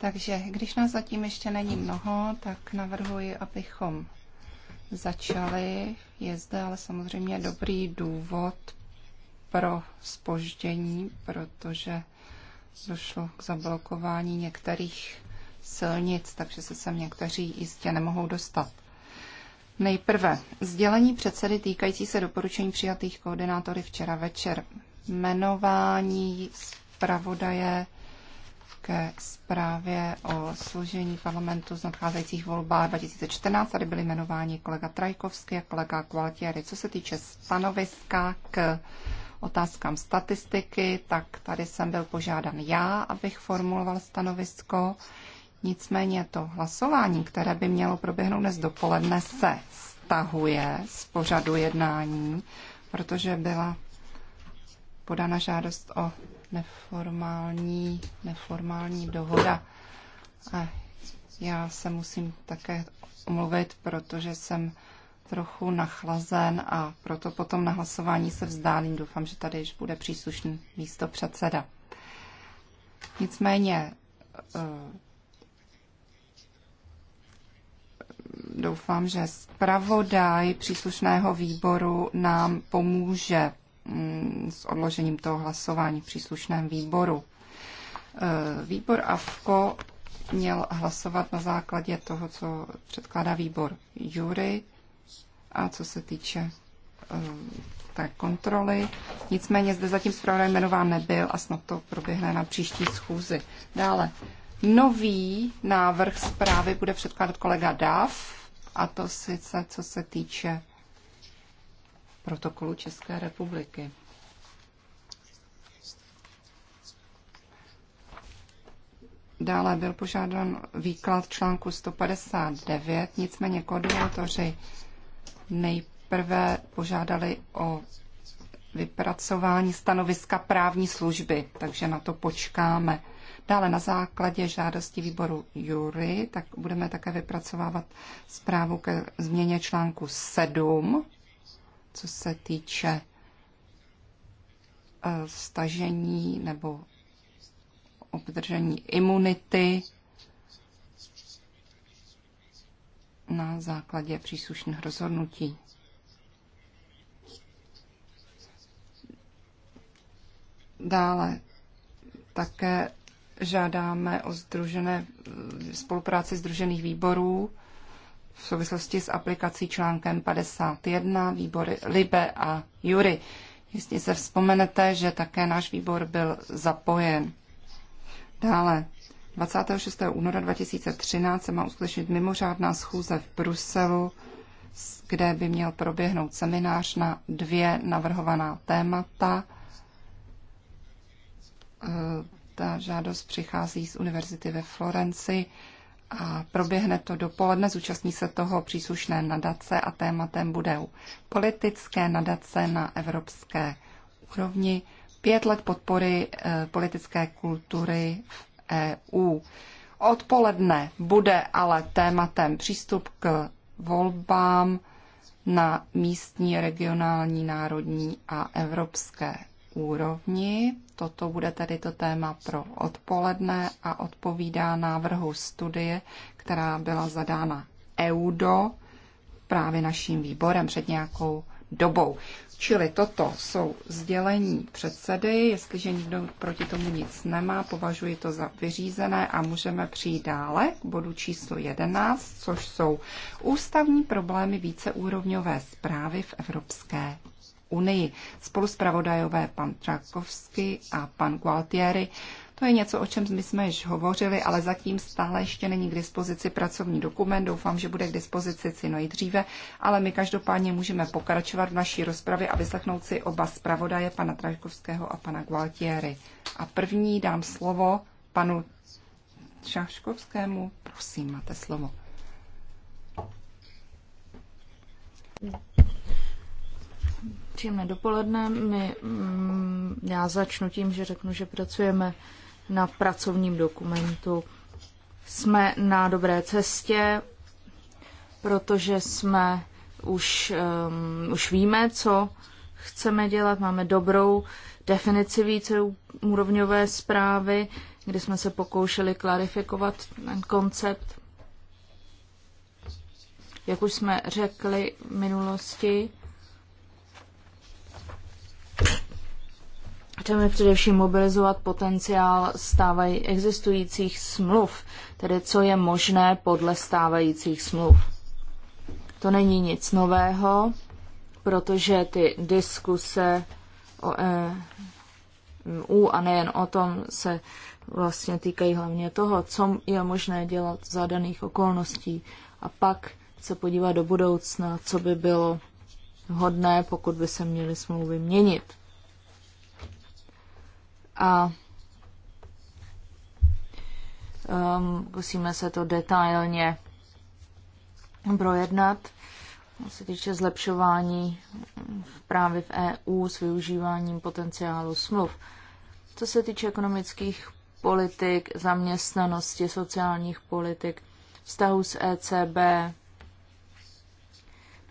Takže když nás zatím ještě není mnoho, tak navrhuji, abychom začali. Je zde ale samozřejmě dobrý důvod pro spoždění, protože došlo k zablokování některých silnic, takže se sem někteří jistě nemohou dostat. Nejprve sdělení předsedy týkající se doporučení přijatých koordinátory včera večer jmenování zpravodaje ke zprávě o složení parlamentu z nadcházejících volbách 2014. Tady byly jmenováni kolega Trajkovský a kolega Kvaltieri. Co se týče stanoviska k otázkám statistiky, tak tady jsem byl požádan já, abych formuloval stanovisko. Nicméně to hlasování, které by mělo proběhnout dnes dopoledne, se stahuje z pořadu jednání, protože byla podána žádost o neformální, neformální dohoda. A já se musím také omluvit, protože jsem trochu nachlazen a proto potom na hlasování se vzdálím. Doufám, že tady již bude příslušný místo předseda. Nicméně eh, doufám, že zpravodaj příslušného výboru nám pomůže Mm, s odložením toho hlasování v příslušném výboru. E, výbor AFKO měl hlasovat na základě toho, co předkládá výbor jury a co se týče e, té kontroly. Nicméně zde zatím zpravodaj jmenován nebyl a snad to proběhne na příští schůzi. Dále, nový návrh zprávy bude předkládat kolega DAF, a to sice co se týče protokolu České republiky. Dále byl požádán výklad článku 159, nicméně koordinátoři nejprve požádali o vypracování stanoviska právní služby, takže na to počkáme. Dále na základě žádosti výboru Jury tak budeme také vypracovávat zprávu ke změně článku 7 co se týče eh, stažení nebo obdržení imunity na základě příslušných rozhodnutí. Dále také žádáme o združené, spolupráci združených výborů v souvislosti s aplikací článkem 51 výbory Libe a Jury. Jistě se vzpomenete, že také náš výbor byl zapojen. Dále, 26. února 2013 se má uskutečnit mimořádná schůze v Bruselu, kde by měl proběhnout seminář na dvě navrhovaná témata. E, ta žádost přichází z univerzity ve Florenci a proběhne to dopoledne. Zúčastní se toho příslušné nadace a tématem bude politické nadace na evropské úrovni. Pět let podpory eh, politické kultury v EU. Odpoledne bude ale tématem přístup k volbám na místní, regionální, národní a evropské úrovni. Toto bude tedy to téma pro odpoledne a odpovídá návrhu studie, která byla zadána EUDO právě naším výborem před nějakou dobou. Čili toto jsou sdělení předsedy. Jestliže nikdo proti tomu nic nemá, považuji to za vyřízené a můžeme přijít dále k bodu číslo 11, což jsou ústavní problémy víceúrovňové zprávy v Evropské unii. Spoluspravodajové pan Trakovsky a pan Gualtieri. To je něco, o čem my jsme již hovořili, ale zatím stále ještě není k dispozici pracovní dokument. Doufám, že bude k dispozici si nejdříve, ale my každopádně můžeme pokračovat v naší rozpravě a vyslechnout si oba zpravodaje, pana Traškovského a pana Gualtieri. A první dám slovo panu Traškovskému. Prosím, máte slovo. Příjemné dopoledne. My, mm, já začnu tím, že řeknu, že pracujeme na pracovním dokumentu. Jsme na dobré cestě, protože jsme už, um, už víme, co chceme dělat. Máme dobrou definici víceúrovňové zprávy, kdy jsme se pokoušeli klarifikovat ten koncept. Jak už jsme řekli v minulosti, Chceme především mobilizovat potenciál stávají existujících smluv, tedy co je možné podle stávajících smluv. To není nic nového, protože ty diskuse o EU a nejen o tom se vlastně týkají hlavně toho, co je možné dělat za daných okolností a pak se podívat do budoucna, co by bylo hodné, pokud by se měly smlouvy měnit a um, musíme se to detailně projednat. Co se týče zlepšování mm, právě v EU s využíváním potenciálu smluv. Co se týče ekonomických politik, zaměstnanosti, sociálních politik, vztahu s ECB,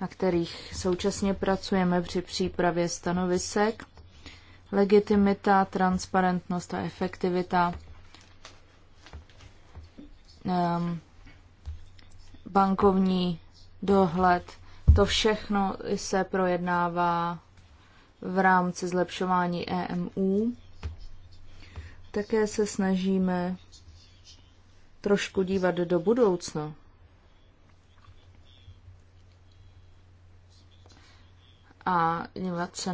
na kterých současně pracujeme při přípravě stanovisek, legitimita, transparentnost a efektivita um, bankovní dohled. To všechno se projednává v rámci zlepšování EMU. Také se snažíme trošku dívat do budoucna. a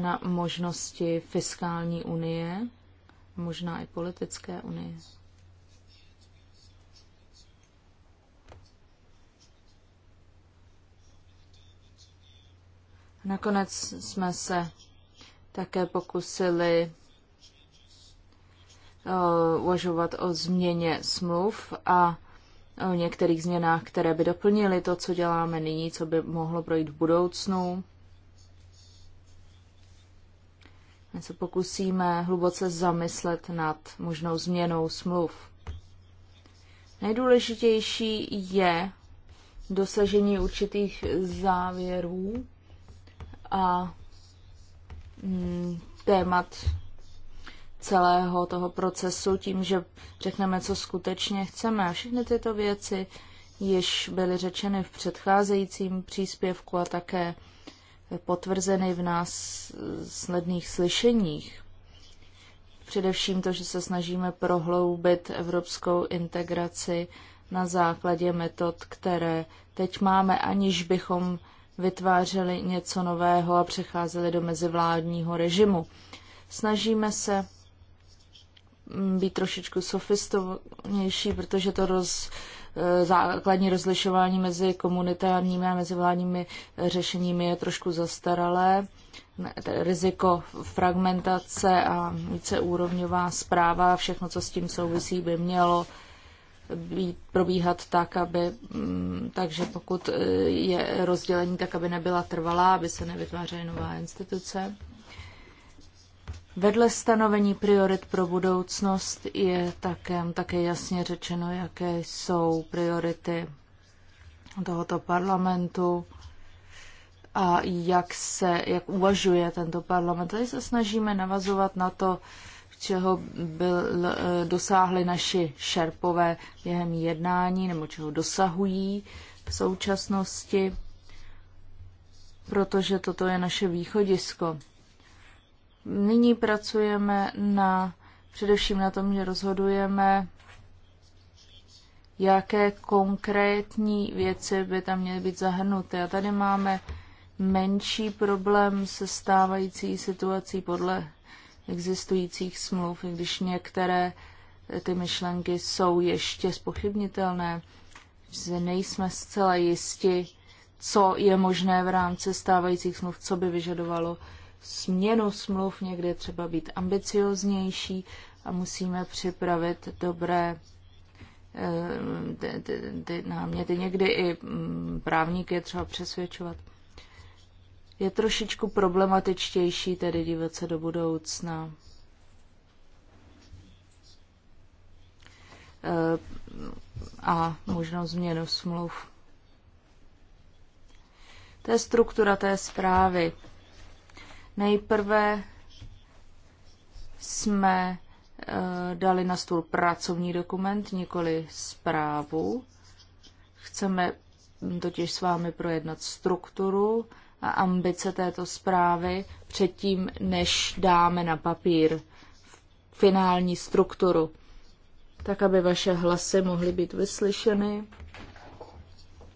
na možnosti fiskální unie, možná i politické unie. Nakonec jsme se také pokusili eh, uvažovat o změně smluv a o některých změnách, které by doplnily to, co děláme nyní, co by mohlo projít v budoucnu. My se pokusíme hluboce zamyslet nad možnou změnou smluv. Nejdůležitější je dosažení určitých závěrů a mm, témat celého toho procesu tím, že řekneme, co skutečně chceme. A všechny tyto věci již byly řečeny v předcházejícím příspěvku a také potvrzeny v snadných slyšeních. Především to, že se snažíme prohloubit evropskou integraci na základě metod, které teď máme, aniž bychom vytvářeli něco nového a přecházeli do mezivládního režimu. Snažíme se být trošičku sofistovanější, protože to roz, Eh, základní rozlišování mezi komunitárními a mezivládními eh, řešeními je trošku zastaralé. Riziko fragmentace a víceúrovňová zpráva, všechno, co s tím souvisí, by mělo být, probíhat tak, aby, mm, takže pokud eh, je rozdělení, tak aby nebyla trvalá, aby se nevytvářely nová instituce. Vedle stanovení priorit pro budoucnost je také, také jasně řečeno, jaké jsou priority tohoto parlamentu a jak se, jak uvažuje tento parlament. Tady se snažíme navazovat na to, čeho byl, dosáhli naši šerpové během jednání nebo čeho dosahují v současnosti, protože toto je naše východisko. Nyní pracujeme na, především na tom, že rozhodujeme, jaké konkrétní věci by tam měly být zahrnuty. A tady máme menší problém se stávající situací podle existujících smluv, i když některé eh, ty myšlenky jsou ještě spochybnitelné, že nejsme zcela jisti, co je možné v rámci stávajících smluv, co by vyžadovalo směnu smluv, někdy třeba být ambicioznější a musíme připravit dobré eh, ty, ty, ty náměty. Někdy i mm, právník je třeba přesvědčovat. Je trošičku problematičtější tedy dívat se do budoucna. Eh, a možnou změnu smluv. To je struktura té zprávy. Nejprve jsme eh, dali na stůl pracovní dokument, nikoli zprávu. Chceme totiž s vámi projednat strukturu a ambice této zprávy předtím, než dáme na papír finální strukturu, tak aby vaše hlasy mohly být vyslyšeny,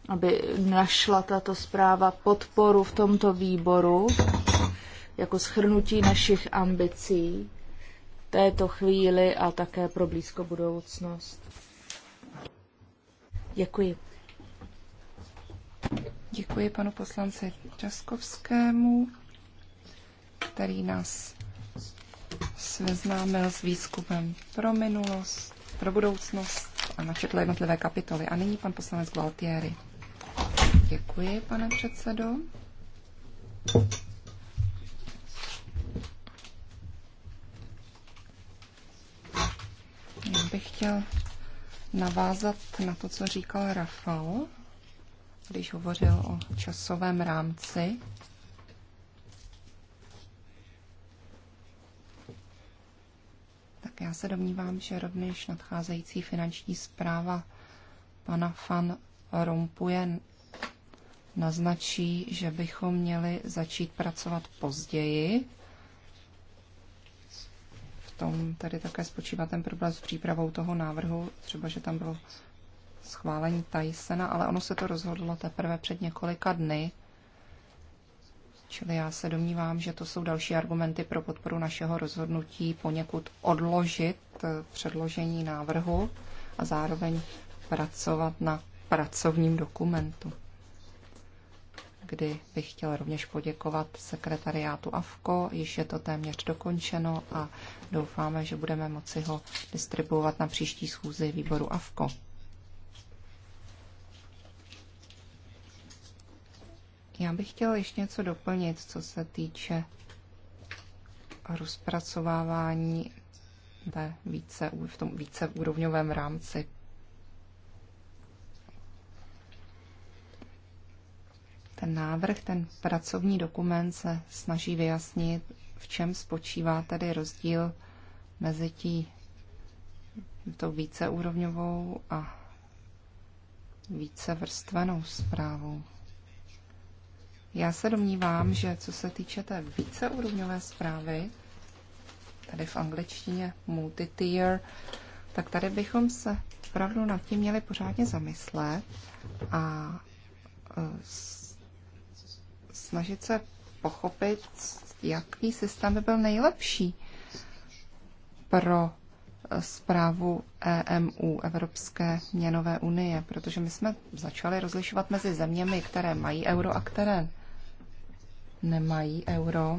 aby našla tato zpráva podporu v tomto výboru jako schrnutí našich ambicí této chvíli a také pro blízko budoucnost. Děkuji. Děkuji panu poslanci Časkovskému, který nás seznámil s výzkumem pro minulost, pro budoucnost a načetl jednotlivé kapitoly. A nyní pan poslanec Gualtieri. Děkuji, pane předsedo. Já bych chtěl navázat na to, co říkal Rafal, když hovořil o časovém rámci. Tak já se domnívám, že rovněž nadcházející finanční zpráva pana Fan Rompuje naznačí, že bychom měli začít pracovat později tom tady také spočívá ten problém s přípravou toho návrhu, třeba že tam bylo schválení Tysena, ale ono se to rozhodlo teprve před několika dny. Čili já se domnívám, že to jsou další argumenty pro podporu našeho rozhodnutí poněkud odložit eh, předložení návrhu a zároveň pracovat na pracovním dokumentu kdy bych chtěl rovněž poděkovat sekretariátu AFKO. Již je to téměř dokončeno a doufáme, že budeme moci ho distribuovat na příští schůzi výboru AFKO. Já bych chtěl ještě něco doplnit, co se týče rozpracovávání ve více, v tom víceúrovňovém rámci Ten návrh, ten pracovní dokument se snaží vyjasnit, v čem spočívá tedy rozdíl mezi tí, tou víceúrovňovou a vícevrstvenou zprávou. Já se domnívám, že co se týče té víceúrovňové zprávy, tady v angličtině multi-tier, tak tady bychom se opravdu nad tím měli pořádně zamyslet a e, snažit se pochopit, jaký systém by byl nejlepší pro zprávu eh, EMU, Evropské měnové unie, protože my jsme začali rozlišovat mezi zeměmi, které mají euro a které nemají euro.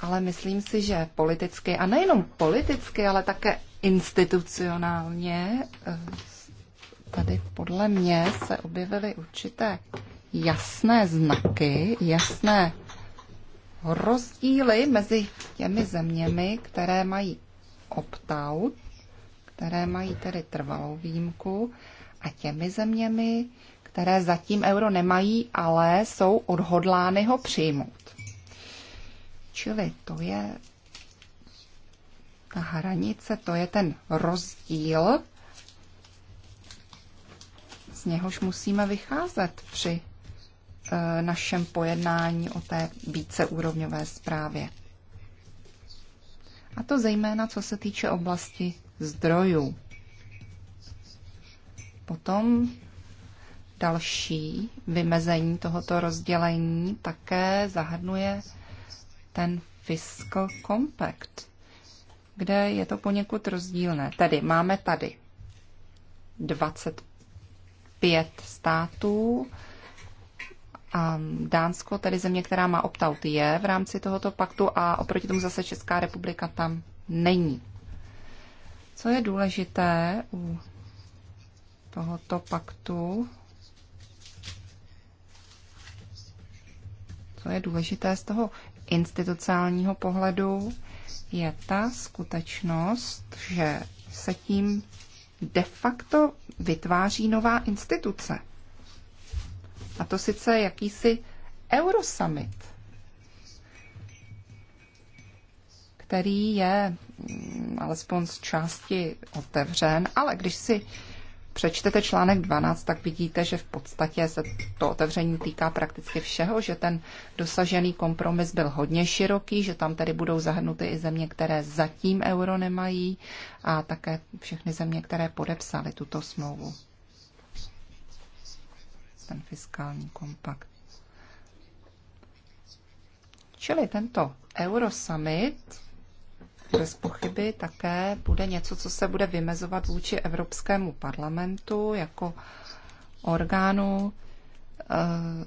Ale myslím si, že politicky, a nejenom politicky, ale také institucionálně eh, tady podle mě se objevily určité jasné znaky, jasné rozdíly mezi těmi zeměmi, které mají opt-out, které mají tedy trvalou výjimku, a těmi zeměmi, které zatím euro nemají, ale jsou odhodlány ho přijmout. Čili to je ta hranice, to je ten rozdíl něhož musíme vycházet při eh, našem pojednání o té víceúrovňové zprávě. A to zejména co se týče oblasti zdrojů. Potom další vymezení tohoto rozdělení také zahrnuje ten Fiscal Compact, kde je to poněkud rozdílné. Tedy máme tady 20 pět států. A Dánsko, tedy země, která má opt-out, je v rámci tohoto paktu a oproti tomu zase Česká republika tam není. Co je důležité u tohoto paktu, co je důležité z toho institucionálního pohledu, je ta skutečnost, že se tím de facto vytváří nová instituce. A to sice jakýsi Eurosummit, který je mm, alespoň z části otevřen, ale když si přečtete článek 12, tak vidíte, že v podstatě se to otevření týká prakticky všeho, že ten dosažený kompromis byl hodně široký, že tam tedy budou zahrnuty i země, které zatím euro nemají a také všechny země, které podepsaly tuto smlouvu. Ten fiskální kompakt. Čili tento Eurosummit bez pochyby také bude něco, co se bude vymezovat vůči Evropskému parlamentu jako orgánu. Eh,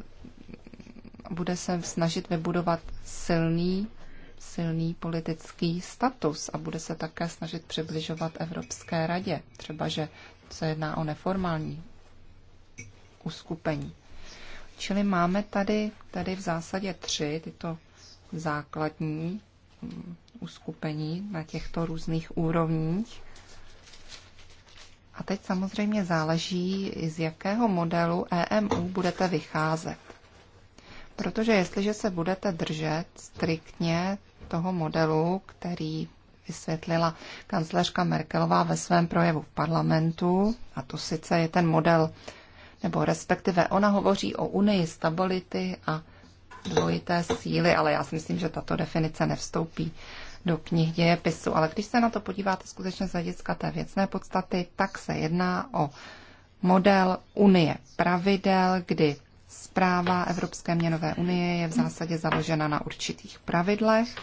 bude se snažit vybudovat silný, silný politický status a bude se také snažit přibližovat Evropské radě. Třeba, že se jedná o neformální uskupení. Čili máme tady, tady v zásadě tři tyto základní uskupení na těchto různých úrovních. A teď samozřejmě záleží, z jakého modelu EMU budete vycházet. Protože jestliže se budete držet striktně toho modelu, který vysvětlila kancléřka Merkelová ve svém projevu v parlamentu, a to sice je ten model, nebo respektive ona hovoří o unii stability a dvojité síly, ale já si myslím, že tato definice nevstoupí do knih dějepisu. Ale když se na to podíváte skutečně z hlediska té věcné podstaty, tak se jedná o model Unie pravidel, kdy zpráva Evropské měnové unie je v zásadě založena na určitých pravidlech.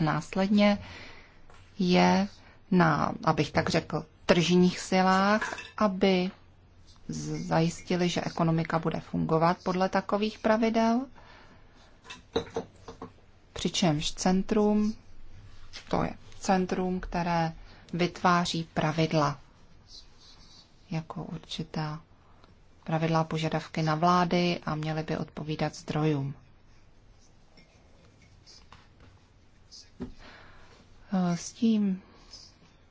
A následně je na, abych tak řekl, tržních silách, aby zajistili, že ekonomika bude fungovat podle takových pravidel, přičemž centrum, to je centrum, které vytváří pravidla, jako určitá pravidla požadavky na vlády a měly by odpovídat zdrojům. S tím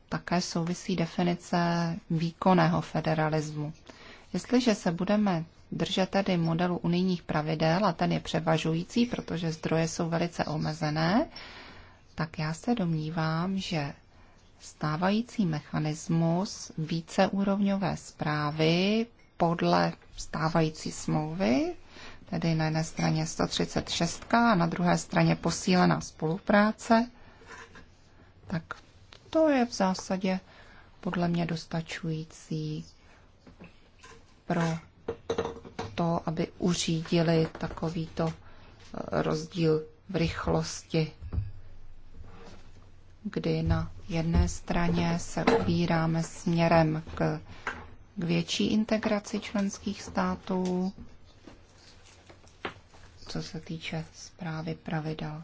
také souvisí definice výkonného federalismu. Jestliže se budeme držet tady modelu unijních pravidel a ten je převažující, protože zdroje jsou velice omezené, tak já se domnívám, že stávající mechanismus víceúrovňové zprávy podle stávající smlouvy, tedy na jedné straně 136 a na druhé straně posílená spolupráce, tak to je v zásadě podle mě dostačující pro to, aby uřídili takovýto eh, rozdíl v rychlosti, kdy na jedné straně se ubíráme směrem k, k větší integraci členských států, co se týče zprávy pravidel.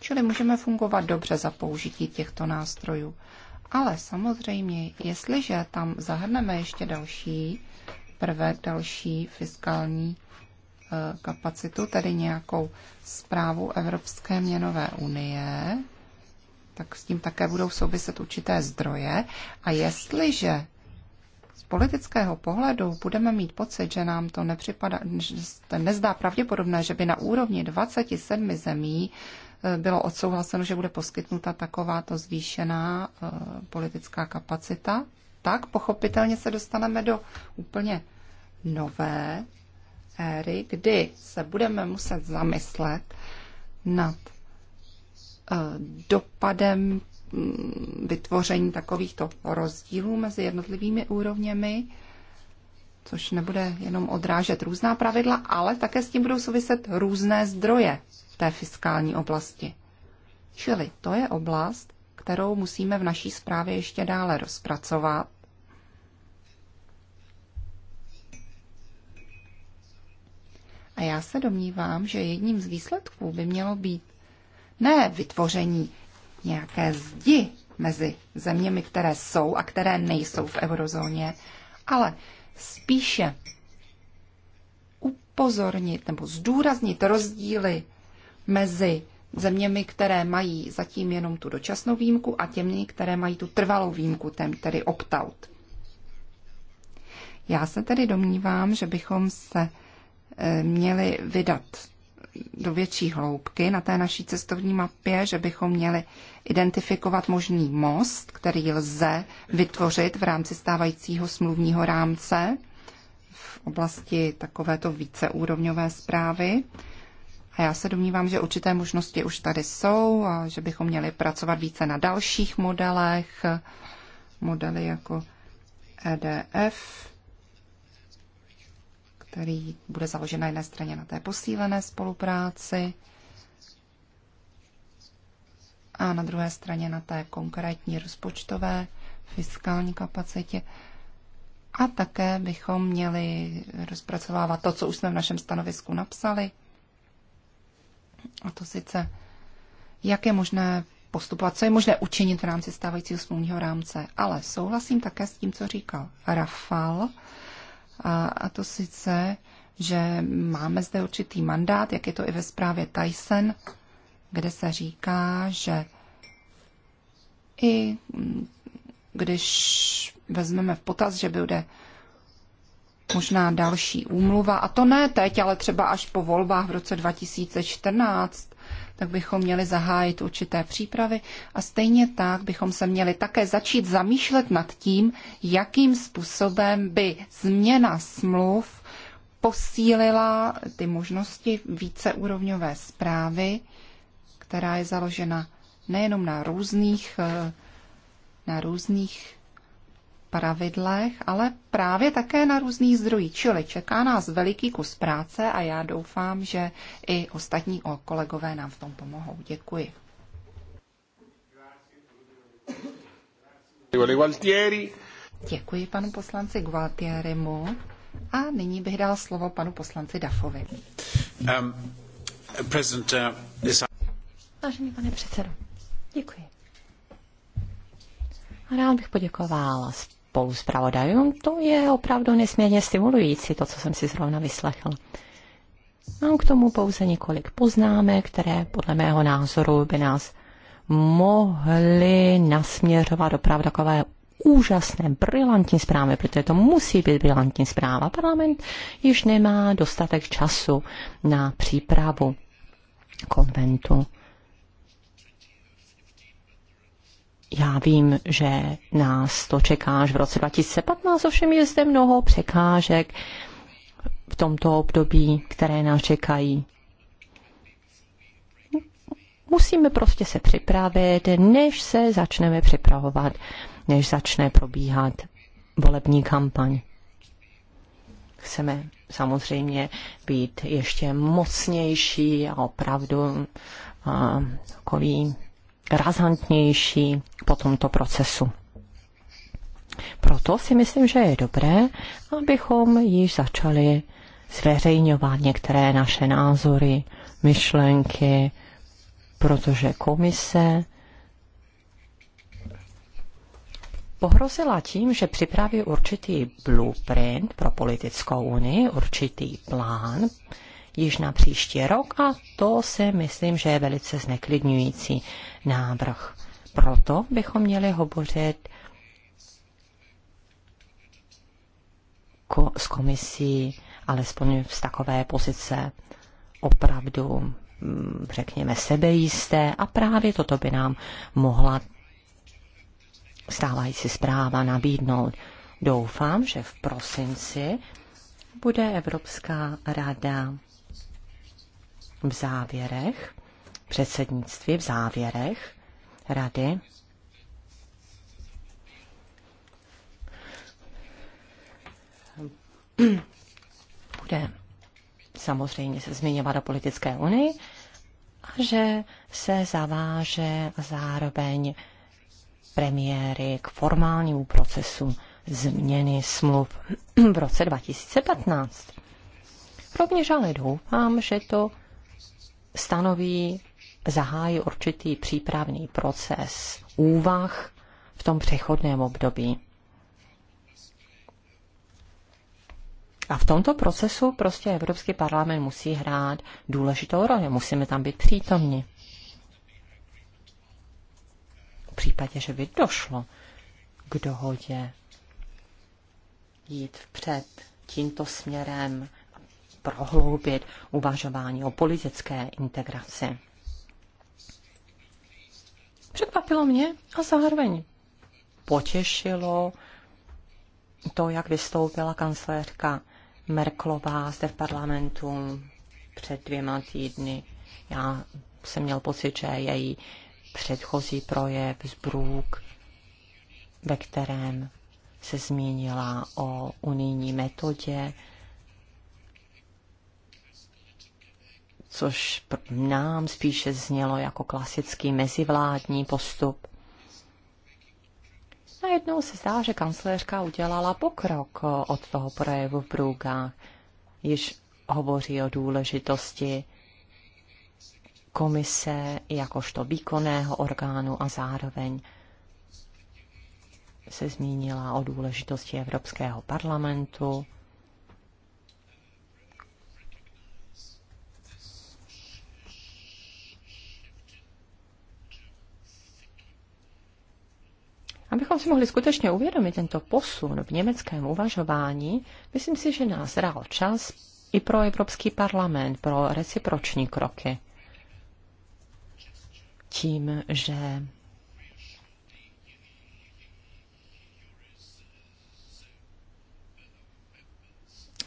Čili můžeme fungovat dobře za použití těchto nástrojů. Ale samozřejmě, jestliže tam zahrneme ještě další prvek, další fiskální e, kapacitu, tedy nějakou zprávu Evropské měnové unie, tak s tím také budou souviset určité zdroje. A jestliže z politického pohledu budeme mít pocit, že nám to nepřipadá, že to nezdá pravděpodobné, že by na úrovni 27 zemí eh, bylo odsouhlaseno, že bude poskytnuta takováto zvýšená eh, politická kapacita, tak pochopitelně se dostaneme do úplně nové éry, kdy se budeme muset zamyslet nad eh, dopadem Mm, vytvoření takovýchto rozdílů mezi jednotlivými úrovněmi, což nebude jenom odrážet různá pravidla, ale také s tím budou souviset různé zdroje té fiskální oblasti. Čili to je oblast, kterou musíme v naší zprávě ještě dále rozpracovat. A já se domnívám, že jedním z výsledků by mělo být ne vytvoření nějaké zdi mezi zeměmi, které jsou a které nejsou v eurozóně, ale spíše upozornit nebo zdůraznit rozdíly mezi zeměmi, které mají zatím jenom tu dočasnou výjimku a těmi, které mají tu trvalou výjimku, tedy opt-out. Já se tedy domnívám, že bychom se eh, měli vydat do větší hloubky na té naší cestovní mapě, že bychom měli identifikovat možný most, který lze vytvořit v rámci stávajícího smluvního rámce v oblasti takovéto víceúrovňové zprávy. A já se domnívám, že určité možnosti už tady jsou a že bychom měli pracovat více na dalších modelech, modely jako EDF, který bude založen na jedné straně na té posílené spolupráci a na druhé straně na té konkrétní rozpočtové fiskální kapacitě. A také bychom měli rozpracovávat to, co už jsme v našem stanovisku napsali, a to sice, jak je možné postupovat, co je možné učinit v rámci stávajícího smluvního rámce. Ale souhlasím také s tím, co říkal Rafal, a, a to sice, že máme zde určitý mandát, jak je to i ve zprávě Tyson, kde se říká, že i mm, když vezmeme v potaz, že bude možná další úmluva, a to ne teď, ale třeba až po volbách v roce 2014, tak bychom měli zahájit určité přípravy a stejně tak bychom se měli také začít zamýšlet nad tím, jakým způsobem by změna smluv posílila ty možnosti víceúrovňové zprávy, která je založena nejenom na různých, eh, na různých pravidlech, ale právě také na různých zdrojích. Čili čeká nás veliký kus práce a já doufám, že i ostatní kolegové nám v tom pomohou. Děkuji. Děkuji panu poslanci Gualtierimu a nyní bych dal slovo panu poslanci Dafovi. Um, uh, is... Vážený pane předsedo, děkuji. A Rád bych poděkoval spolu s to je opravdu nesmírně stimulující, to, co jsem si zrovna vyslechl. Mám k tomu pouze několik poznámek, které podle mého názoru by nás mohly nasměřovat opravdu takové úžasné, brilantní zprávy, protože to musí být brilantní zpráva. Parlament již nemá dostatek času na přípravu konventu. Já vím, že nás to čeká až v roce 2015, ovšem je zde mnoho překážek v tomto období, které nás čekají. Musíme prostě se připravit, než se začneme připravovat, než začne probíhat volební kampaň. Chceme samozřejmě být ještě mocnější a opravdu a, takový razantnější po tomto procesu. Proto si myslím, že je dobré, abychom již začali zveřejňovat některé naše názory, myšlenky, protože komise pohrozila tím, že připraví určitý blueprint pro politickou unii, určitý plán, již na příští rok a to si myslím, že je velice zneklidňující návrh. Proto bychom měli hovořit s komisí alespoň z takové pozice opravdu, mm, řekněme, sebejisté a právě toto by nám mohla stávající zpráva nabídnout. Doufám, že v prosinci bude Evropská rada v závěrech, předsednictví v závěrech rady bude samozřejmě se zmiňovat o politické unii a že se zaváže zároveň premiéry k formálnímu procesu změny smluv v roce 2015. Rovněž ale doufám, že to stanoví, zahájí určitý přípravný proces úvah v tom přechodném období. A v tomto procesu prostě Evropský parlament musí hrát důležitou roli, musíme tam být přítomni. V případě, že by došlo k dohodě jít vpřed tímto směrem prohloubit uvažování o politické integraci. Překvapilo mě a zároveň potěšilo to, jak vystoupila kancléřka Merklová zde v parlamentu před dvěma týdny. Já jsem měl pocit, že její předchozí projev z Brůk, ve kterém se zmínila o unijní metodě což nám spíše znělo jako klasický mezivládní postup. Najednou se zdá, že kancléřka udělala pokrok od toho projevu v Brugách. Již hovoří o důležitosti komise jakožto výkonného orgánu a zároveň se zmínila o důležitosti Evropského parlamentu Abychom si mohli skutečně uvědomit tento posun v německém uvažování, myslím si, že nás rál čas i pro Evropský parlament, pro reciproční kroky. Tím, že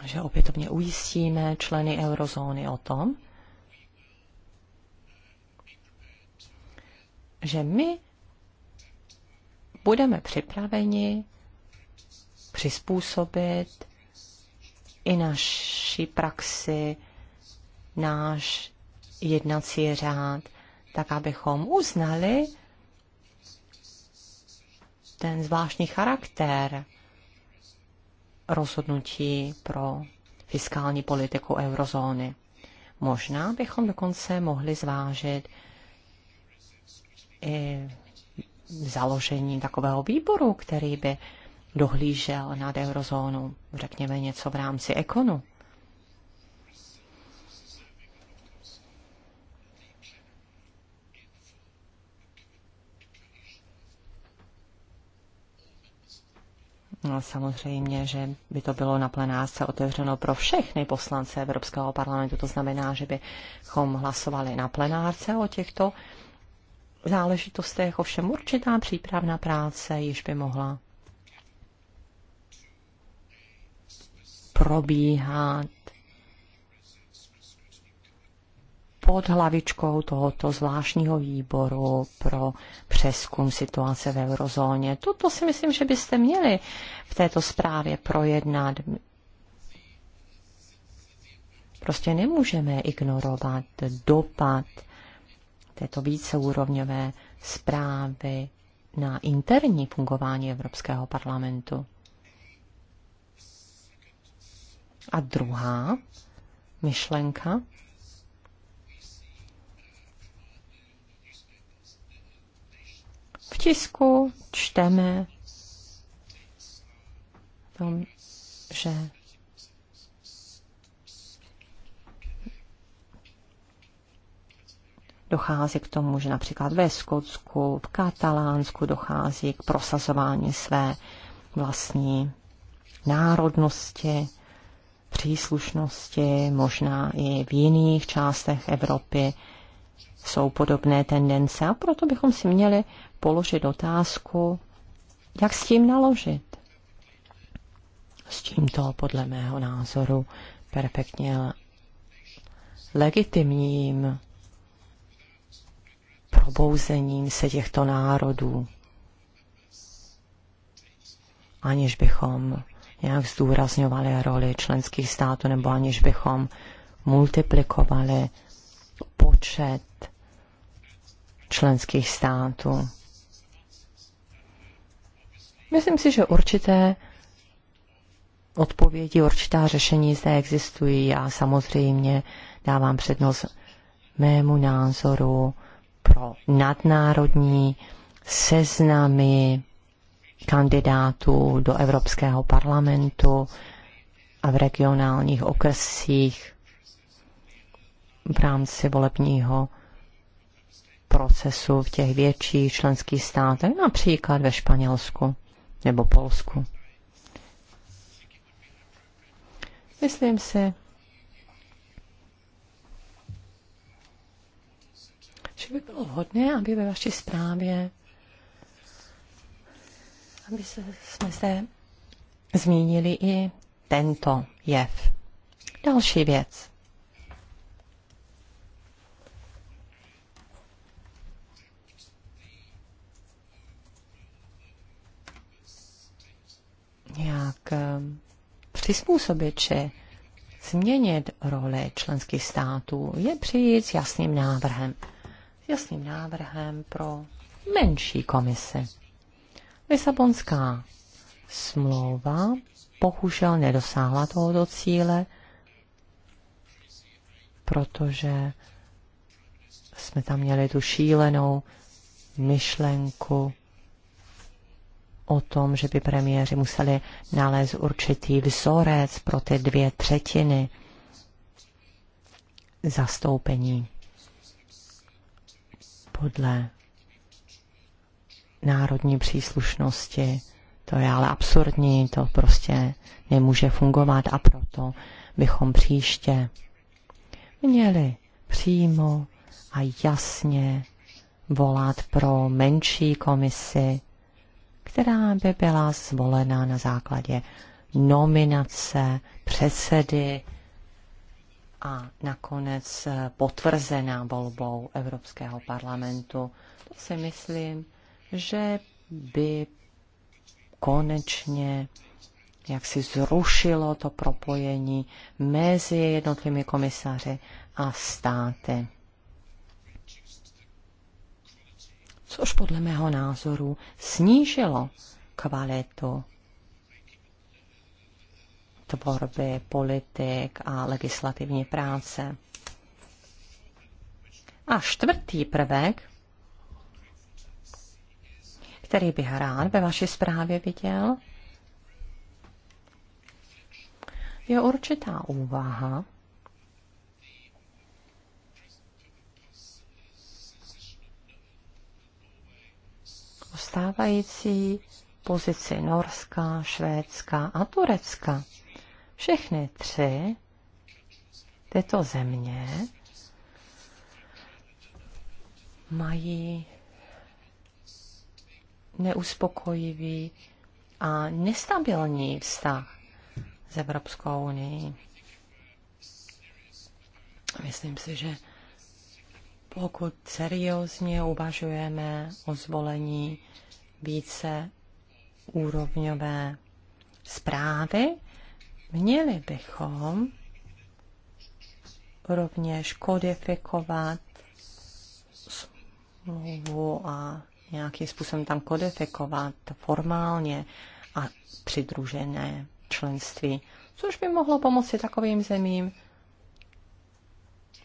že opětovně ujistíme členy eurozóny o tom, že my budeme připraveni přizpůsobit i naši praxi, náš jednací řád, tak abychom uznali ten zvláštní charakter rozhodnutí pro fiskální politiku eurozóny. Možná bychom dokonce mohli zvážit i založení takového výboru, který by dohlížel nad eurozónu, řekněme něco v rámci ekonu. No, samozřejmě, že by to bylo na plenáce otevřeno pro všechny poslance Evropského parlamentu. To znamená, že bychom hlasovali na plenárce o těchto záležitostech, ovšem určitá přípravná práce již by mohla probíhat pod hlavičkou tohoto zvláštního výboru pro přeskum situace v eurozóně. Toto si myslím, že byste měli v této zprávě projednat. Prostě nemůžeme ignorovat dopad této víceúrovňové zprávy na interní fungování Evropského parlamentu. A druhá myšlenka v tisku čteme tom, že dochází k tomu, že například ve Skotsku, v Katalánsku dochází k prosazování své vlastní národnosti, příslušnosti, možná i v jiných částech Evropy jsou podobné tendence a proto bychom si měli položit otázku, jak s tím naložit. S tímto podle mého názoru perfektně legitimním probouzením se těchto národů, aniž bychom nějak zdůrazňovali roli členských států nebo aniž bychom multiplikovali počet členských států. Myslím si, že určité odpovědi, určitá řešení zde existují a samozřejmě dávám přednost mému názoru, pro nadnárodní seznamy kandidátů do Evropského parlamentu a v regionálních okresích v rámci volebního procesu v těch větších členských státech, například ve Španělsku nebo Polsku. Myslím si, že by bylo vhodné, aby ve vaší zprávě, aby se, jsme se zmínili i tento jev. Další věc. Jak ehm, přizpůsobit či změnit roli členských států je přijít s jasným návrhem jasným návrhem pro menší komisi. Lisabonská smlouva bohužel nedosáhla tohoto cíle, protože jsme tam měli tu šílenou myšlenku o tom, že by premiéři museli nalézt určitý vzorec pro ty dvě třetiny zastoupení podle národní příslušnosti. To je ale absurdní, to prostě nemůže fungovat a proto bychom příště měli přímo a jasně volat pro menší komisi, která by byla zvolena na základě nominace předsedy a nakonec eh, potvrzená volbou Evropského parlamentu. To si myslím, že by konečně jak si zrušilo to propojení mezi jednotlivými komisaři a státy. Což podle mého názoru snížilo kvalitu tvorby politik a legislativní práce. A čtvrtý prvek, který bych rád ve vaší zprávě viděl, je určitá úvaha stávající pozici Norska, Švédska a Turecka. Všechny tři tyto země mají neuspokojivý a nestabilní vztah s Evropskou unii. Myslím si, že pokud seriózně uvažujeme o zvolení více úrovňové zprávy, Měli bychom rovněž kodifikovat smlouvu a nějakým způsobem tam kodifikovat formálně a přidružené členství, což by mohlo pomoci takovým zemím,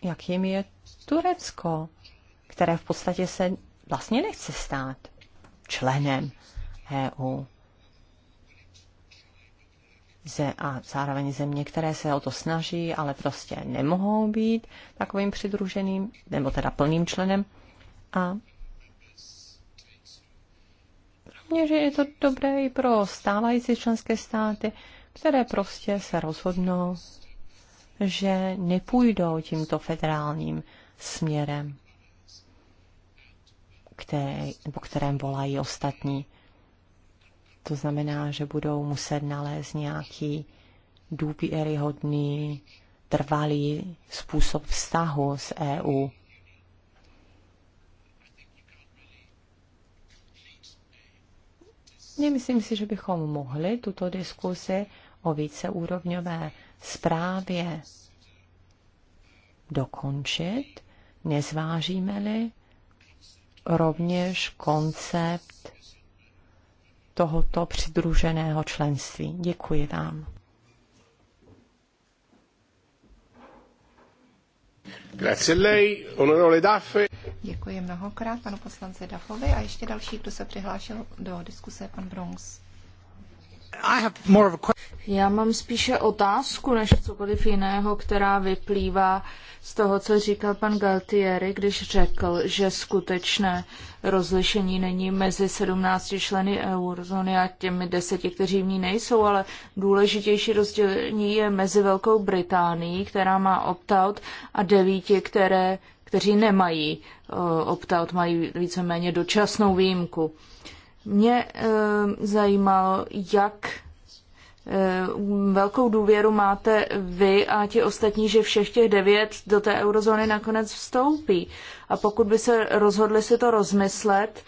jakým je Turecko, které v podstatě se vlastně nechce stát členem EU a zároveň země, které se o to snaží, ale prostě nemohou být takovým přidruženým, nebo teda plným členem. A že je to dobré i pro stávající členské státy, které prostě se rozhodnou, že nepůjdou tímto federálním směrem, které, po kterém volají ostatní to znamená, že budou muset nalézt nějaký důvěryhodný, trvalý způsob vztahu s EU. Nemyslím si, že bychom mohli tuto diskusi o víceúrovňové zprávě dokončit, nezvážíme-li rovněž koncept tohoto přidruženého členství. Děkuji vám. Děkuji mnohokrát panu poslanci Dafovi a ještě další, kdo se přihlásil do diskuse, pan Bronx. Já mám spíše otázku než cokoliv jiného, která vyplývá z toho, co říkal pan Galtieri, když řekl, že skutečné rozlišení není mezi 17 členy eurozóny a těmi deseti, kteří v ní nejsou, ale důležitější rozdělení je mezi Velkou Británií, která má opt-out, a devíti, které, kteří nemají eh, opt-out, mají víceméně dočasnou výjimku. Mě e, zajímalo, jak e, velkou důvěru máte vy a ti ostatní, že všech těch devět do té eurozóny nakonec vstoupí. A pokud by se rozhodli si to rozmyslet,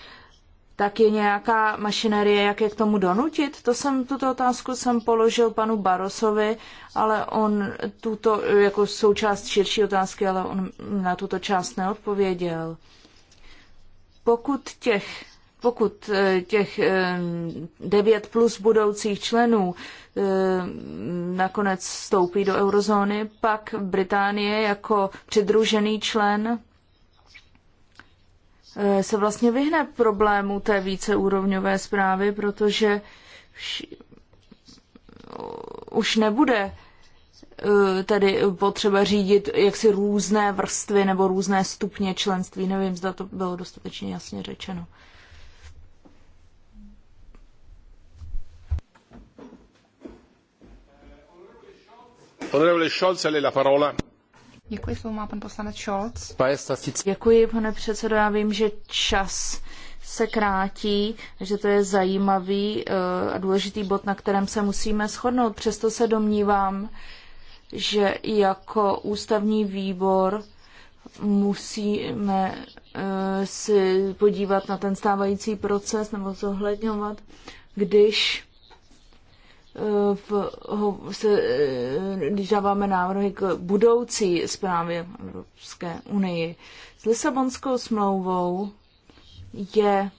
tak je nějaká mašinerie, jak je k tomu donutit? To jsem, tuto otázku jsem položil panu Barosovi, ale on tuto, jako součást širší otázky, ale on na tuto část neodpověděl. Pokud těch pokud eh, těch eh, devět plus budoucích členů eh, nakonec vstoupí do eurozóny, pak Británie jako přidružený člen se vlastně vyhne problému té víceúrovňové zprávy, protože už nebude tedy potřeba řídit jaksi různé vrstvy nebo různé stupně členství. Nevím, zda to bylo dostatečně jasně řečeno. Děkuji, slovo má pan poslanec Scholz. Děkuji, pane předsedo, já vím, že čas se krátí, že to je zajímavý eh, a důležitý bod, na kterém se musíme shodnout. Přesto se domnívám, že jako ústavní výbor musíme eh, si podívat na ten stávající proces nebo zohledňovat, když v, ho, se, eh, když dáváme návrhy k budoucí zprávě Evropské unii. S Lisabonskou smlouvou je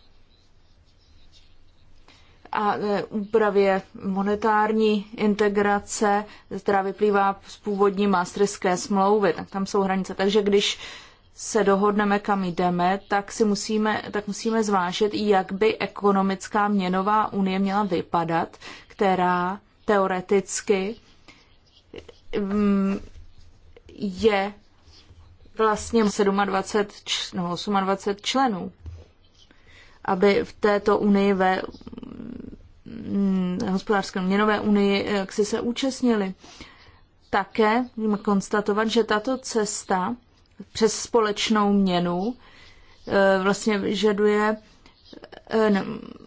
a eh, úpravě monetární integrace, která vyplývá z původní maastrichtské smlouvy, tak tam jsou hranice. Takže když se dohodneme, kam jdeme, tak, si musíme, tak musíme zvážit, jak by ekonomická měnová unie měla vypadat, která teoreticky mm, je vlastně 27 nebo 28 členů, aby v této unii ve mm, hospodářské měnové unii eh, jak si se účastnili. Také můžeme konstatovat, že tato cesta přes společnou měnu eh, vlastně vyžaduje Eh,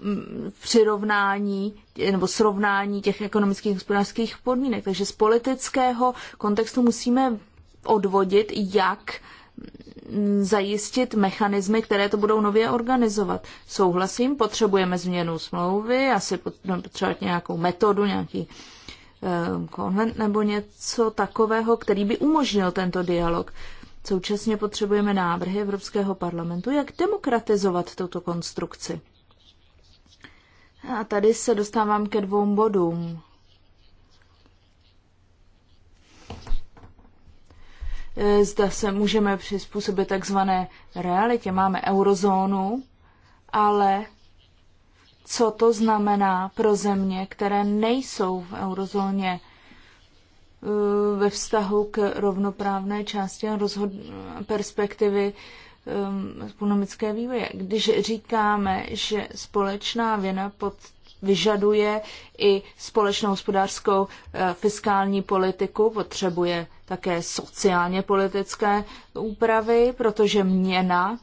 mm, přirovnání nebo srovnání těch ekonomických a hospodářských podmínek. Takže z politického kontextu musíme odvodit, jak mm, zajistit mechanismy, které to budou nově organizovat. Souhlasím, potřebujeme změnu smlouvy, asi no, potřebovat nějakou metodu, nějaký eh, konvent nebo něco takového, který by umožnil tento dialog. Současně potřebujeme návrhy Evropského parlamentu, jak demokratizovat tuto konstrukci. A tady se dostávám ke dvou bodům. E, zda se můžeme přizpůsobit takzvané realitě. Máme eurozónu, ale co to znamená pro země, které nejsou v eurozóně? Eh, ve vztahu k rovnoprávné části a rozhod- perspektivy um, ekonomické vývoje. Když říkáme, že společná věna pod vyžaduje i společnou hospodářskou eh, fiskální politiku, potřebuje také sociálně politické úpravy, protože měna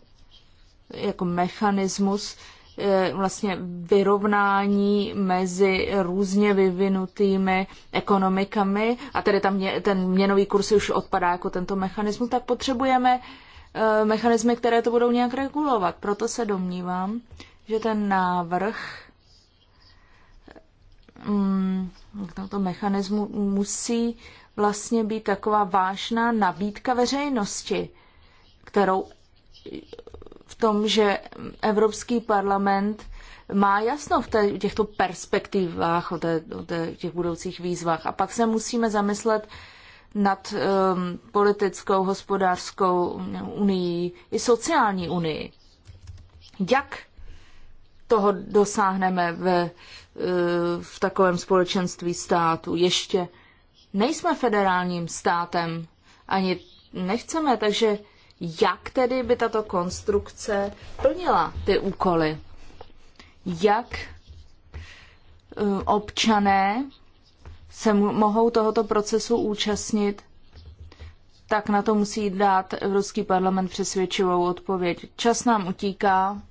jako mechanismus E, vlastně vyrovnání mezi různě vyvinutými ekonomikami, a tedy tam ten měnový kurz už odpadá jako tento mechanismus, tak potřebujeme e, mechanismy, které to budou nějak regulovat. Proto se domnívám, že ten návrh mm, tohoto mechanismu musí vlastně být taková vážná nabídka veřejnosti, kterou tom, že Evropský parlament má jasno v těchto perspektivách, o, té, o té, těch budoucích výzvách. A pak se musíme zamyslet nad um, politickou, hospodářskou unii i sociální unii. Jak toho dosáhneme ve, e, v takovém společenství státu? Ještě nejsme federálním státem, ani nechceme, takže jak tedy by tato konstrukce plnila ty úkoly. Jak eh, občané se mohou tohoto procesu účastnit, tak na to musí dát Evropský parlament přesvědčivou odpověď. Čas nám utíká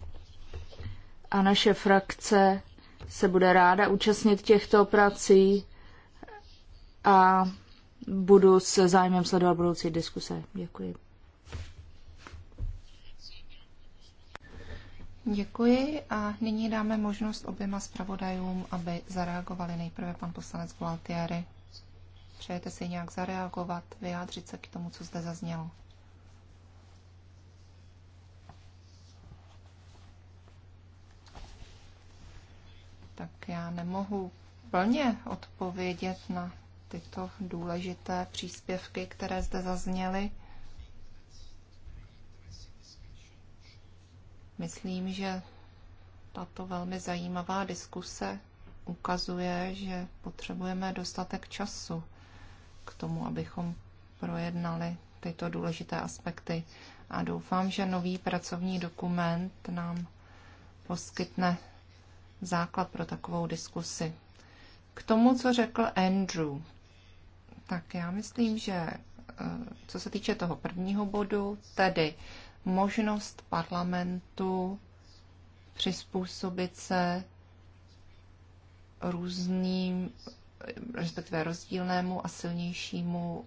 a naše frakce se bude ráda účastnit těchto prací a budu s zájmem sledovat budoucí diskuse. Děkuji. Děkuji a nyní dáme možnost oběma zpravodajům, aby zareagovali nejprve pan poslanec Gualtieri. Přejete si nějak zareagovat, vyjádřit se k tomu, co zde zaznělo. Tak já nemohu plně odpovědět na tyto důležité příspěvky, které zde zazněly. Myslím, že tato velmi zajímavá diskuse ukazuje, že potřebujeme dostatek času k tomu, abychom projednali tyto důležité aspekty. A doufám, že nový pracovní dokument nám poskytne základ pro takovou diskusi. K tomu, co řekl Andrew, tak já myslím, že eh, co se týče toho prvního bodu, tedy možnost parlamentu přizpůsobit se různým, respektive rozdílnému a silnějšímu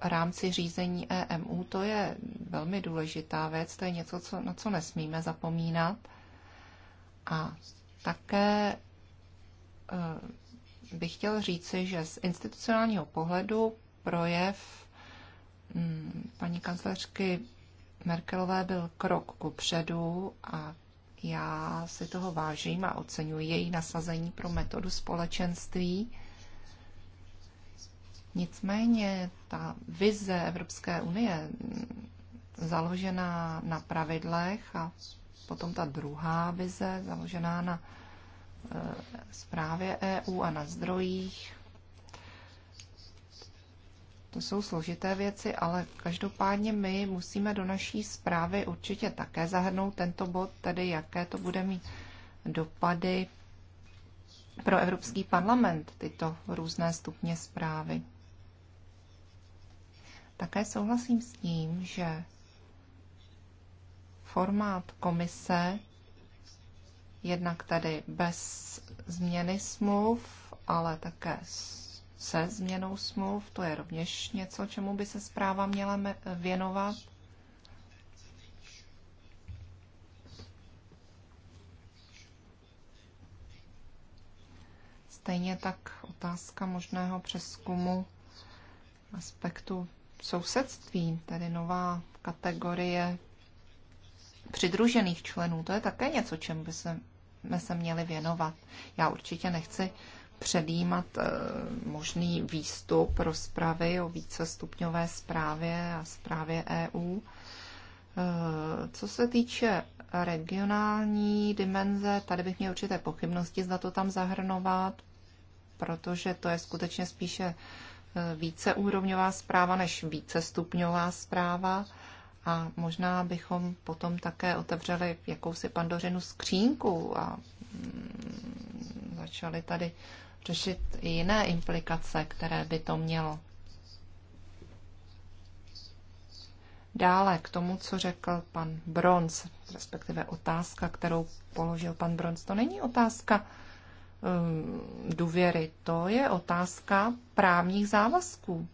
rámci řízení EMU. To je velmi důležitá věc, to je něco, co, na co nesmíme zapomínat. A také eh, bych chtěl říci, že z institucionálního pohledu projev mm, paní kancelářky Merkelové byl krok ku předu a já si toho vážím a oceňuji její nasazení pro metodu společenství. Nicméně ta vize Evropské unie mm, založená na pravidlech a potom ta druhá vize založená na zprávě e, EU a na zdrojích to jsou složité věci, ale každopádně my musíme do naší zprávy určitě také zahrnout tento bod, tedy jaké to bude mít dopady pro Evropský parlament, tyto různé stupně zprávy. Také souhlasím s tím, že formát komise, jednak tedy bez změny smluv, ale také s se změnou smluv. To je rovněž něco, čemu by se zpráva měla věnovat. Stejně tak otázka možného přeskumu aspektu sousedství, tedy nová kategorie přidružených členů. To je také něco, čemu by se, se měli věnovat. Já určitě nechci předjímat eh, možný výstup rozpravy o vícestupňové zprávě a zprávě EU. Eh, co se týče regionální dimenze, tady bych měl určité pochybnosti, zda to tam zahrnovat, protože to je skutečně spíše eh, víceúrovňová zpráva než vícestupňová zpráva a možná bychom potom také otevřeli jakousi pandořinu skřínku a mm, začali tady řešit i jiné implikace, které by to mělo. Dále k tomu, co řekl pan Bronz, respektive otázka, kterou položil pan Bronz, to není otázka um, důvěry, to je otázka právních závazků.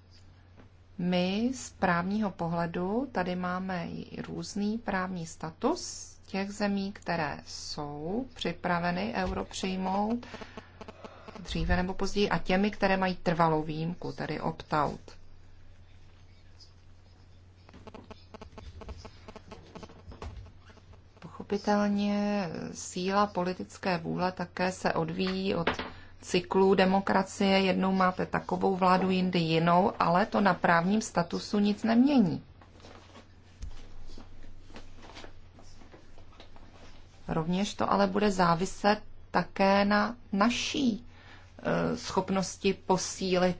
My z právního pohledu tady máme i různý právní status těch zemí, které jsou připraveny euro přijmout dříve nebo později, a těmi, které mají trvalou výjimku, tedy opt-out. Pochopitelně síla politické vůle také se odvíjí od cyklů demokracie. Jednou máte takovou vládu, jindy jinou, ale to na právním statusu nic nemění. Rovněž to ale bude záviset také na naší Eh, schopnosti posílit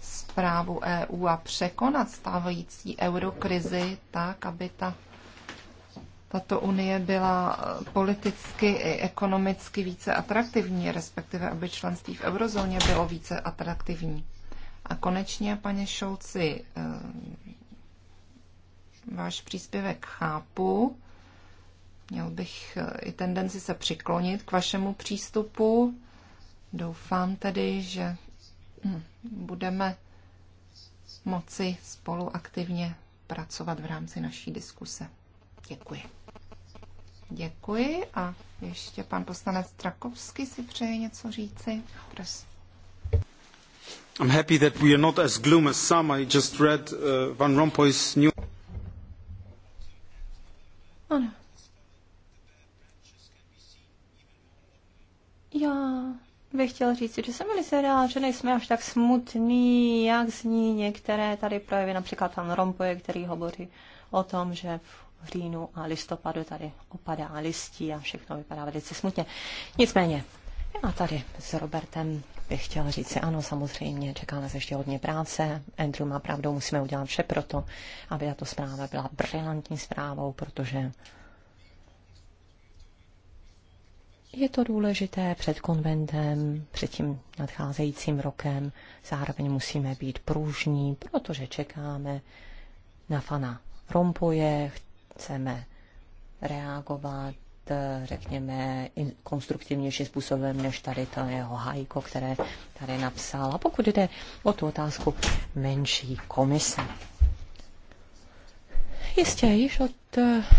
zprávu EU a překonat stávající eurokrizi tak, aby ta, tato unie byla politicky i ekonomicky více atraktivní, respektive aby členství v eurozóně bylo více atraktivní. A konečně, paně Šolci, eh, váš příspěvek chápu. Měl bych eh, i tendenci se přiklonit k vašemu přístupu. Doufám tedy, že hm, budeme moci spolu aktivně pracovat v rámci naší diskuse. Děkuji. Děkuji a ještě pan poslanec Trakovský si přeje něco říci. Prosím. I'm happy that we are not as gloom as some. I just read uh, Van Rompuy's new chtěl říct, že jsem velice rád, že nejsme až tak smutní, jak zní některé tady projevy, například pan Rompoje, který hovoří o tom, že v říjnu a listopadu tady opadá listí a všechno vypadá velice smutně. Nicméně, já tady s Robertem bych chtěl říct si, ano, samozřejmě, čeká nás ještě hodně práce. Andrew má pravdu, musíme udělat vše proto, aby tato zpráva byla brilantní zprávou, protože Je to důležité před konventem, před tím nadcházejícím rokem. Zároveň musíme být pružní, protože čekáme na fana Rompoje, chceme reagovat, řekněme, konstruktivnějším způsobem, než tady to jeho hajko, které tady napsal. A pokud jde o tu otázku menší komise, Jistě, již od,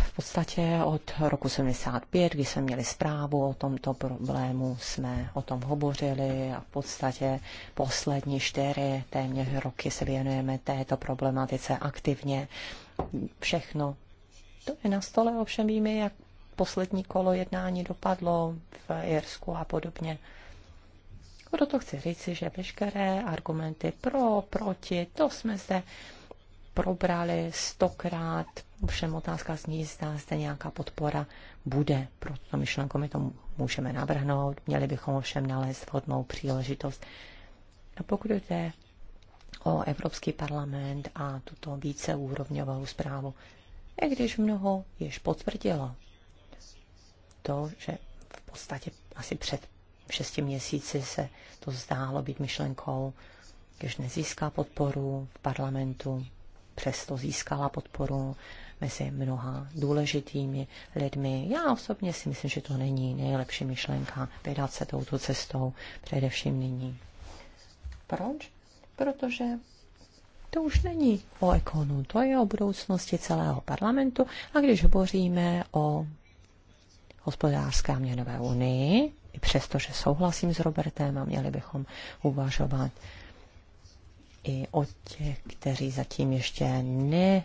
v podstatě od roku 75, kdy jsme měli zprávu o tomto problému, jsme o tom hovořili a v podstatě poslední čtyři téměř roky se věnujeme této problematice aktivně. Všechno to je na stole, ovšem víme, jak poslední kolo jednání dopadlo v Irsku a podobně. Proto chci říci, že veškeré argumenty pro, proti, to jsme zde probrali stokrát, všem otázka ní zda zde nějaká podpora bude. Pro tuto myšlenku my to můžeme navrhnout, měli bychom ovšem nalézt vhodnou příležitost. A pokud jde o Evropský parlament a tuto víceúrovňovou zprávu, i když mnoho již potvrdilo to, že v podstatě asi před šesti měsíci se to zdálo být myšlenkou, když nezíská podporu v parlamentu, přesto získala podporu mezi mnoha důležitými lidmi. Já osobně si myslím, že to není nejlepší myšlenka vydat se touto cestou, především nyní. Proč? Protože to už není o ekonu, to je o budoucnosti celého parlamentu. A když hovoříme o hospodářské a měnové unii, i přesto, že souhlasím s Robertem a měli bychom uvažovat i o těch, kteří zatím ještě ne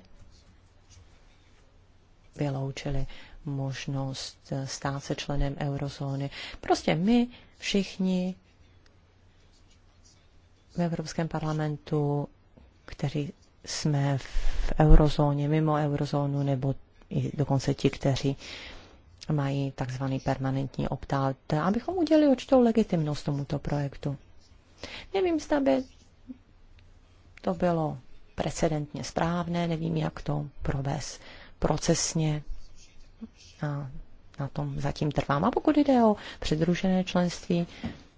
vyloučili možnost stát se členem eurozóny. Prostě my všichni v Evropském parlamentu, kteří jsme v eurozóně, mimo eurozónu, nebo i dokonce ti, kteří mají takzvaný permanentní optát, abychom udělali určitou legitimnost tomuto projektu. Nevím, zda by to bylo precedentně správné, nevím, jak to provést procesně. A na tom zatím trvám. A pokud jde o předružené členství,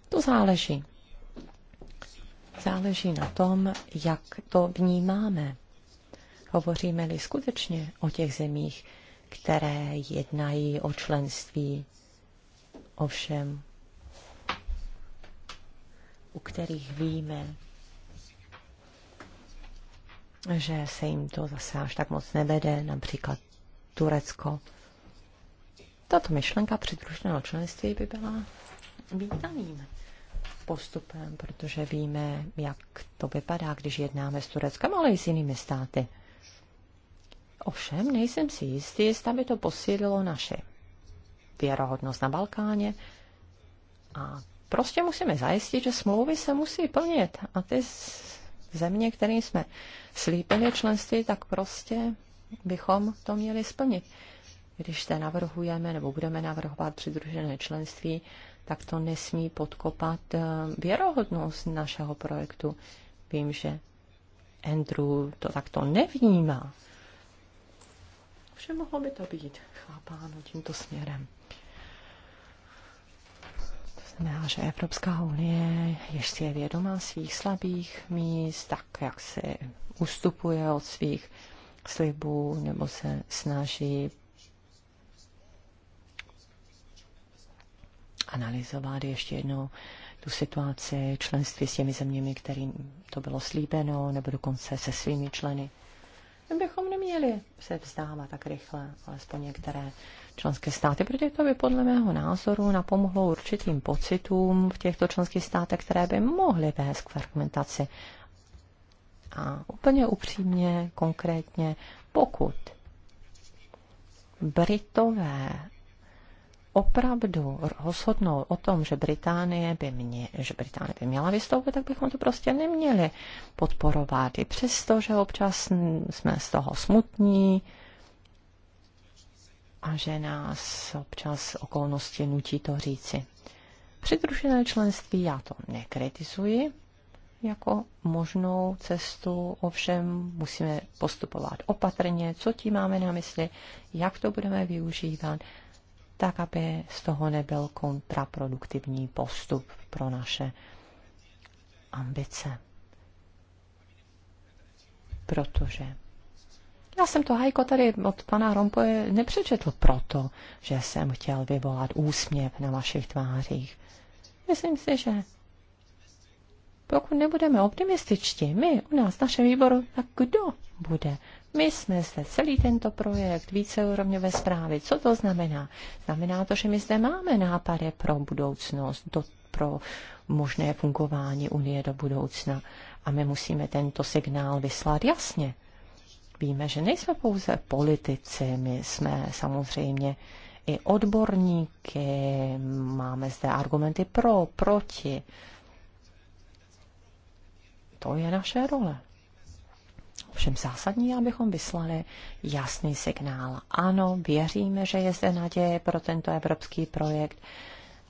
to záleží. Záleží na tom, jak to vnímáme. Hovoříme-li skutečně o těch zemích, které jednají o členství, ovšem, u kterých víme, že se jim to zase až tak moc nevede, například Turecko. Tato myšlenka přidruženého členství by byla vítaným postupem, protože víme, jak to vypadá, když jednáme s Tureckem, ale i s jinými státy. Ovšem, nejsem si jistý, jestli by to posílilo naše věrohodnost na Balkáně a prostě musíme zajistit, že smlouvy se musí plnit a ty země, kterým jsme slíbili členství, tak prostě bychom to měli splnit. Když se navrhujeme nebo budeme navrhovat přidružené členství, tak to nesmí podkopat eh, věrohodnost našeho projektu. Vím, že Andrew to takto nevnímá. Vše mohlo by to být chápáno tímto směrem znamená, že Evropská unie, ještě je vědomá svých slabých míst, tak jak se ustupuje od svých slibů nebo se snaží analyzovat ještě jednou tu situaci členství s těmi zeměmi, kterým to bylo slíbeno, nebo dokonce se svými členy. My bychom neměli se vzdávat tak rychle, alespoň některé členské státy, protože to by podle mého názoru napomohlo určitým pocitům v těchto členských státech, které by mohly vést k fragmentaci. A úplně upřímně, konkrétně, pokud Britové opravdu rozhodnou o tom, že Británie by, mě, že Británie by měla vystoupit, tak bychom to prostě neměli podporovat. I přesto, že občas jsme z toho smutní, a že nás občas okolnosti nutí to říci. Přidružené členství já to nekritizuji jako možnou cestu, ovšem musíme postupovat opatrně, co tím máme na mysli, jak to budeme využívat, tak, aby z toho nebyl kontraproduktivní postup pro naše ambice. Protože já jsem to hajko tady od pana Rompoje nepřečetl proto, že jsem chtěl vyvolat úsměv na vašich tvářích. Myslím si, že pokud nebudeme optimističtí, my u nás v našem výboru, tak kdo bude? My jsme zde celý tento projekt víceúrovňové zprávy. Co to znamená? Znamená to, že my zde máme nápady pro budoucnost, do, pro možné fungování Unie do budoucna. A my musíme tento signál vyslat jasně. Víme, že nejsme pouze politici, my jsme samozřejmě i odborníky, máme zde argumenty pro, proti. To je naše role. Všem zásadní, abychom vyslali jasný signál. Ano, věříme, že je zde naděje pro tento evropský projekt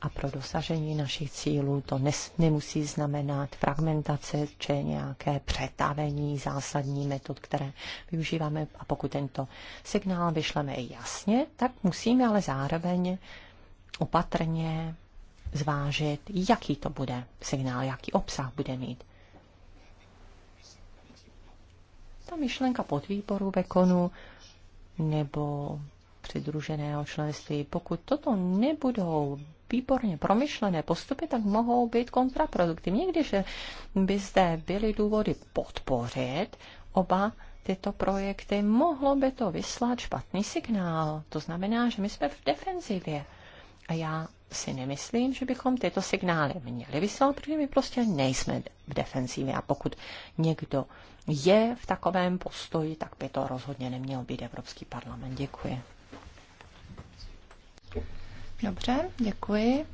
a pro dosažení našich cílů to nes, nemusí znamenat fragmentace či nějaké přetavení zásadní metod, které využíváme. A pokud tento signál vyšleme jasně, tak musíme ale zároveň opatrně zvážit, jaký to bude signál, jaký obsah bude mít. Ta myšlenka podvýboru Bekonu nebo přidruženého členství, pokud toto nebudou výborně promyšlené postupy, tak mohou být kontraproduktivní. Když by zde byly důvody podpořit oba tyto projekty, mohlo by to vyslat špatný signál. To znamená, že my jsme v defenzivě. A já si nemyslím, že bychom tyto signály měli vyslat, protože my prostě nejsme v defenzivě. A pokud někdo je v takovém postoji, tak by to rozhodně neměl být Evropský parlament. Děkuji. Dobře, děkuji.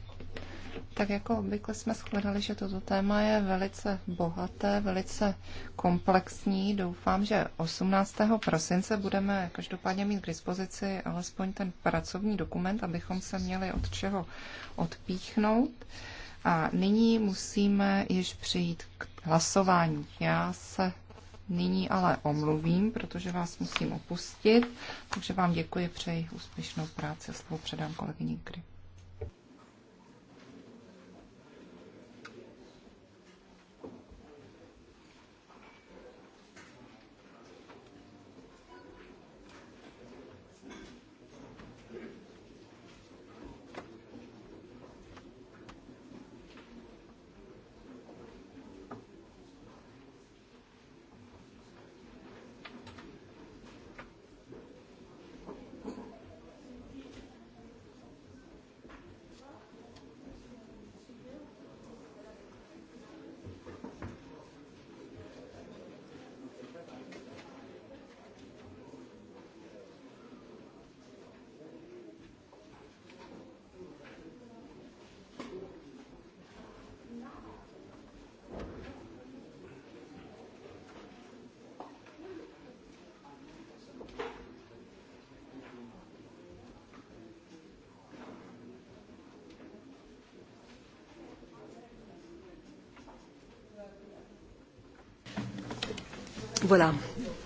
Tak jako obvykle jsme shledali, že toto téma je velice bohaté, velice komplexní. Doufám, že 18. prosince budeme každopádně mít k dispozici alespoň ten pracovní dokument, abychom se měli od čeho odpíchnout. A nyní musíme již přijít k hlasování. Já se nyní ale omluvím, protože vás musím opustit, takže vám děkuji, přeji úspěšnou práci a slovo předám kolegyni Kry. Voilà.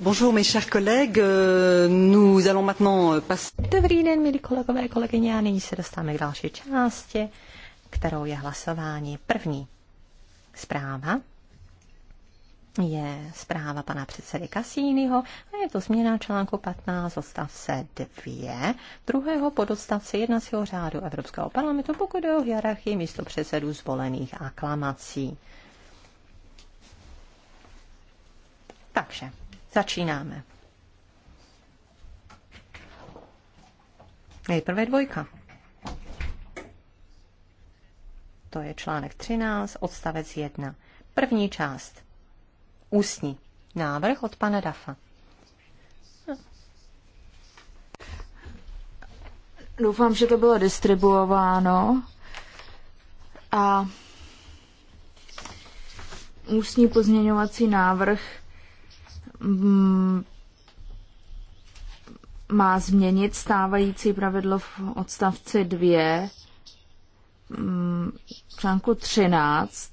Bonjour mes chers collègues, euh, nous allons maintenant euh, passer... Dobrý den, milí kolegové, kolegyně, a nyní se dostáváme k další části, kterou je hlasování. První zpráva je zpráva pana předsedy Kasínyho a je to změna článku 15 odstavce 2 druhého pododstavce jednacího řádu Evropského parlamentu, pokud je o hierarchii místo předsedů zvolených aklamací. Takže začínáme. Nejprve dvojka. To je článek 13, odstavec 1. První část. Ústní. Návrh od pana Dafa. Doufám, že to bylo distribuováno. A ústní pozměňovací návrh Mm, má změnit stávající pravidlo v odstavci 2, mm, článku 13,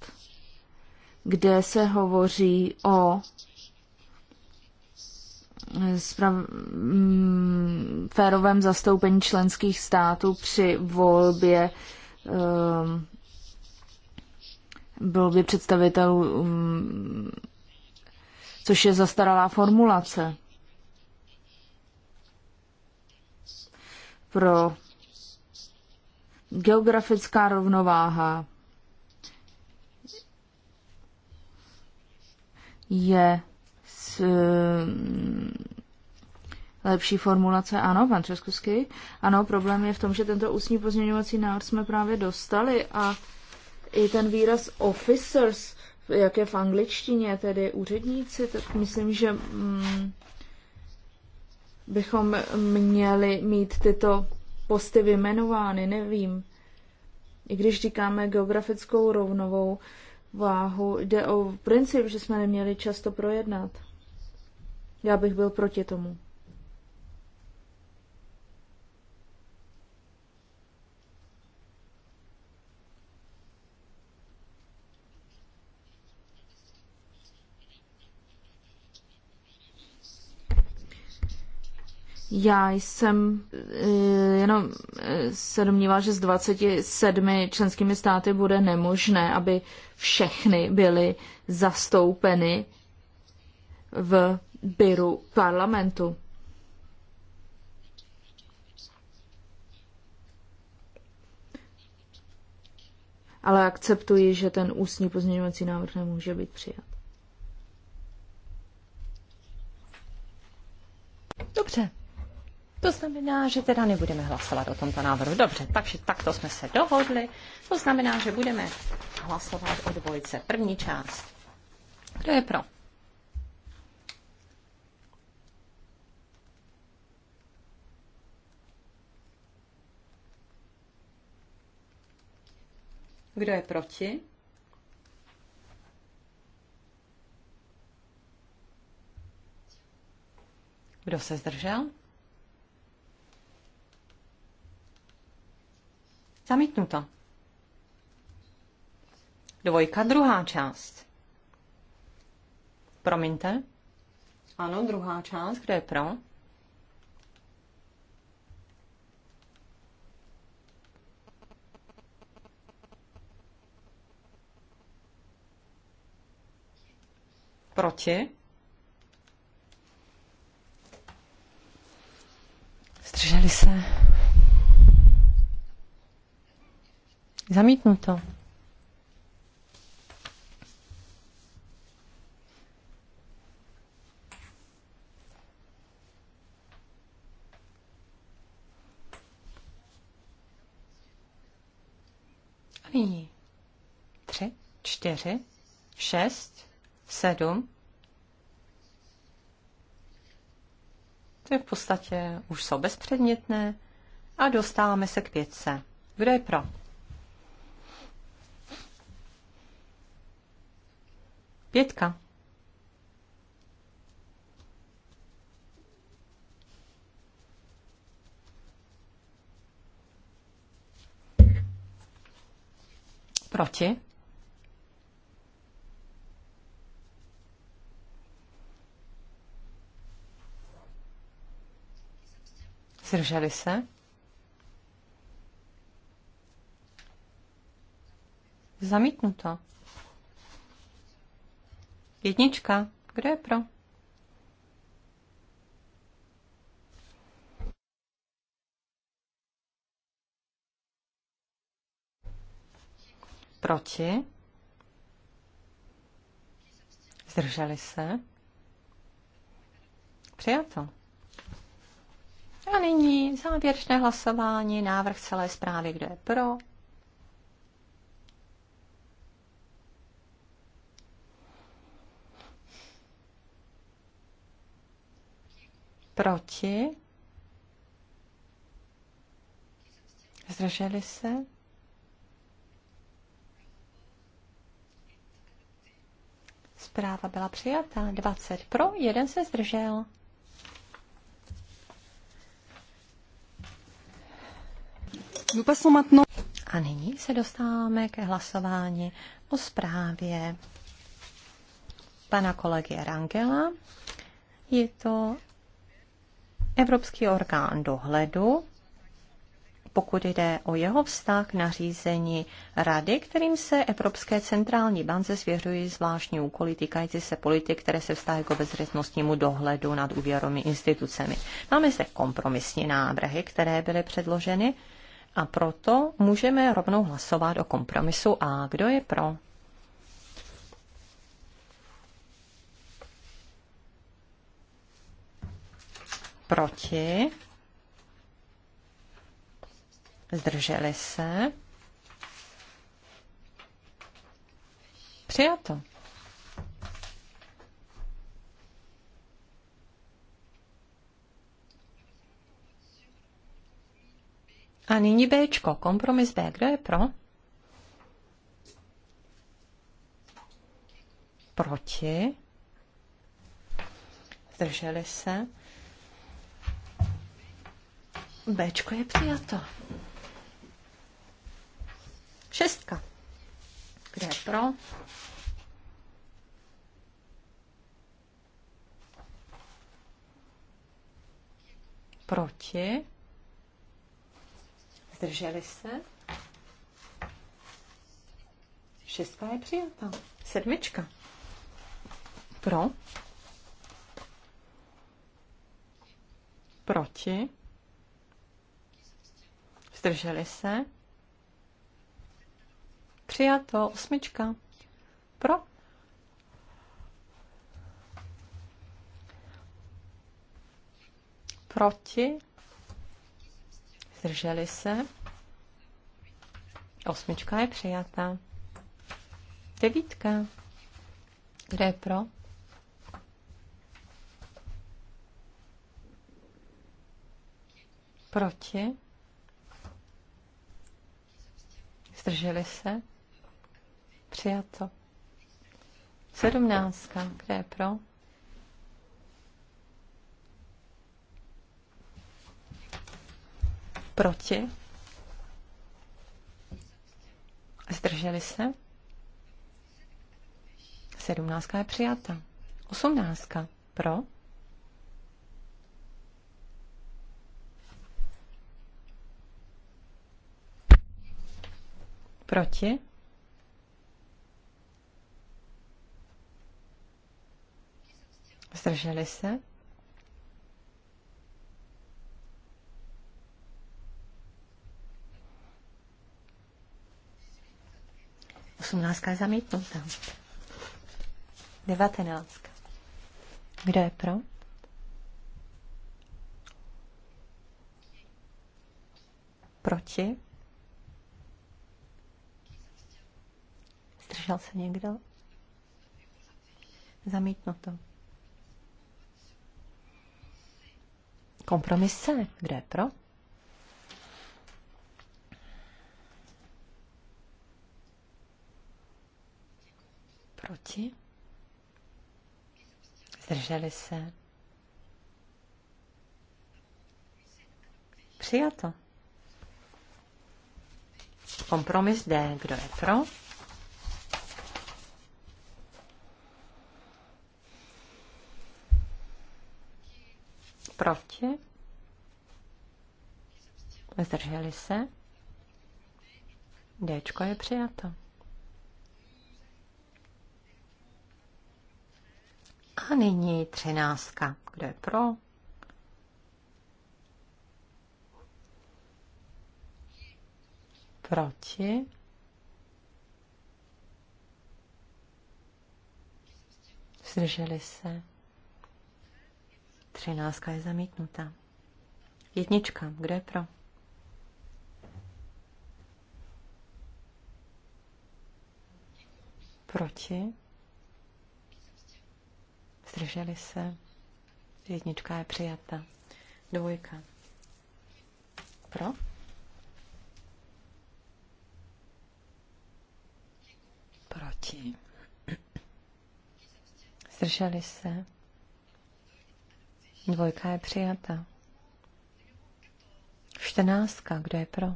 kde se hovoří o sprav- mm, férovém zastoupení členských států při volbě um, ehm, by představitelů um, což je zastaralá formulace. Pro geografická rovnováha je s, eh, lepší formulace. Ano, pan Třeskusky. Ano, problém je v tom, že tento ústní pozměňovací návrh jsme právě dostali a i ten výraz officers jak je v angličtině, tedy úředníci, tak myslím, že mm, bychom měli mít tyto posty vyjmenovány, nevím. I když říkáme geografickou rovnovou váhu, jde o princip, že jsme neměli často projednat. Já bych byl proti tomu. Já jsem eh, jenom eh, se domníval, že s 27 členskými státy bude nemožné, aby všechny byly zastoupeny v byru parlamentu. Ale akceptuji, že ten ústní pozměňovací návrh nemůže být přijat. Dobře, to znamená, že teda nebudeme hlasovat o tomto návrhu. Dobře, takže takto jsme se dohodli. To znamená, že budeme hlasovat o dvojce. První část. Kdo je pro? Kdo je proti? Kdo se zdržel? Zamítnuto. Dvojka, druhá část. Promiňte. Ano, druhá část. Kde je pro? Proti? Zdrželi se. Zamítnuto. A nyní tři, čtyři, šest, sedm, to je v podstatě už jsou bezpředmětné a dostáváme se k pětce. Kdo je pro? Pětka. Proti. Zdrželi se? Zamítnuto. Jednička. Kdo je pro? Proti? Zdrželi se? Přijato. A nyní závěrečné hlasování, návrh celé zprávy, kdo je pro, Proti? Zdrželi se? Zpráva byla přijata. 20 pro, jeden se zdržel. A nyní se dostáváme ke hlasování o zprávě pana kolegy Rangela. Je to Evropský orgán dohledu, pokud jde o jeho vztah k nařízení Rady, kterým se Evropské centrální bance svěřují zvláštní úkoly týkající se politik, které se vztahují k obezřetnostnímu dohledu nad úvěrovými institucemi. Máme zde kompromisní návrhy, které byly předloženy a proto můžeme rovnou hlasovat o kompromisu A. Kdo je pro? Proti? Zdrželi se? Přijato. A nyní B, kompromis B. Kdo je pro? Proti? Zdrželi se? Bčko je přijato. Šestka. Kde je pro? Proti? Zdrželi se? Šestka je přijata. Sedmička. Pro? Proti? Zdrželi se? Přijato. Osmička. Pro? Proti? Zdrželi se? Osmička je přijata. Devítka. Kde je pro? Proti? Zdrželi se? Přijato. Sedmnáctka. Kde je pro? Proti? Zdrželi se? Sedmnáctka je přijata. Osmnáctka. Pro? Proti? Zdrželi se? Osmnáctka je zamítnutá. Devatenáctka. Kdo je pro? Proti? Zdržel se někdo? zamítno to Kompromise? Kde je pro? Proti? Zdrželi se? Přijato. Kompromis D. Kdo je pro? Proti? Zdrželi se? D je přijato. A nyní třináctka. Kdo je pro? Proti? Zdrželi se? Třináctka je zamítnuta. Jednička, kdo je pro? Proti? Zdrželi se? Jednička je přijata. Dvojka. Pro? Proti. Zdrželi se? Dvojka je přijata. Čtrnáctka, kdo je pro?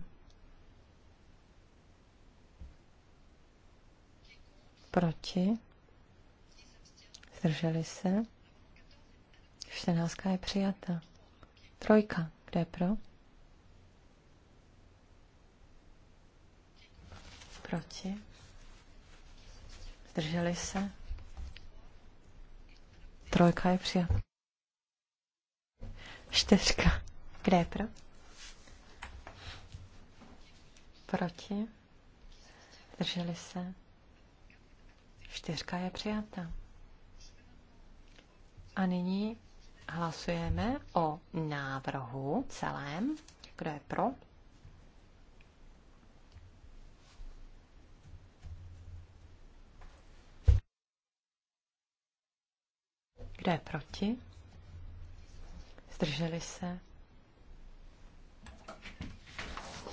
Proti? Zdrželi se? Čtrnáctka je přijata. Trojka, kdo je pro? Proti? Zdrželi se? Trojka je přijata. Čtyřka. Kde je pro? Proti? Drželi se? Čtyřka je přijata. A nyní hlasujeme o návrhu celém. Kdo je pro? Kdo je proti? zdrželi se.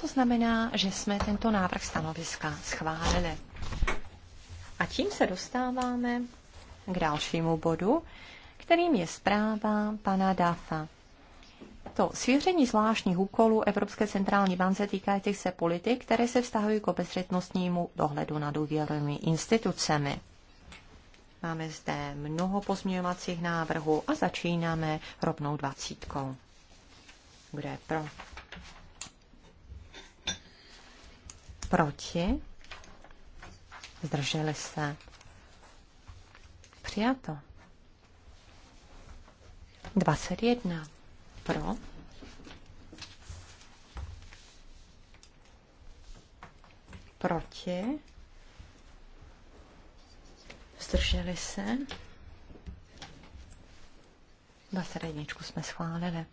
To znamená, že jsme tento návrh stanoviska schválili. A tím se dostáváme k dalšímu bodu, kterým je zpráva pana Dafa. To svěření zvláštních úkolů Evropské centrální bance těch se politik, které se vztahují k obezřetnostnímu dohledu nad důvěrnými institucemi. Máme zde mnoho pozměňovacích návrhů a začínáme rovnou dvacítkou. Kdo je pro? Proti? Zdrželi se? Přijato. 21. Pro? Proti? zdrželi se. 21 jsme schválili.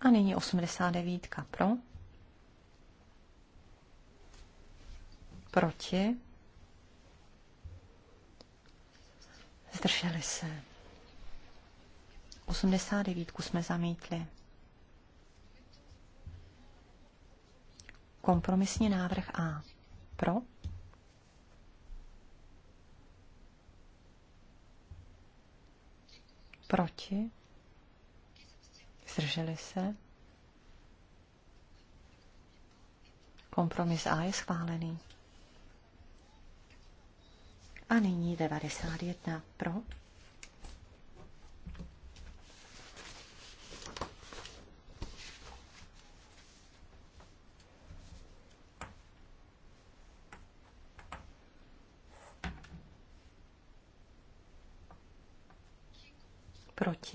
A nyní 89 pro. Proti. Zdrželi se. 89 jsme zamítli. Kompromisní návrh A. Pro. Proti? Zdrželi se? Kompromis A je schválený. A nyní 91 pro.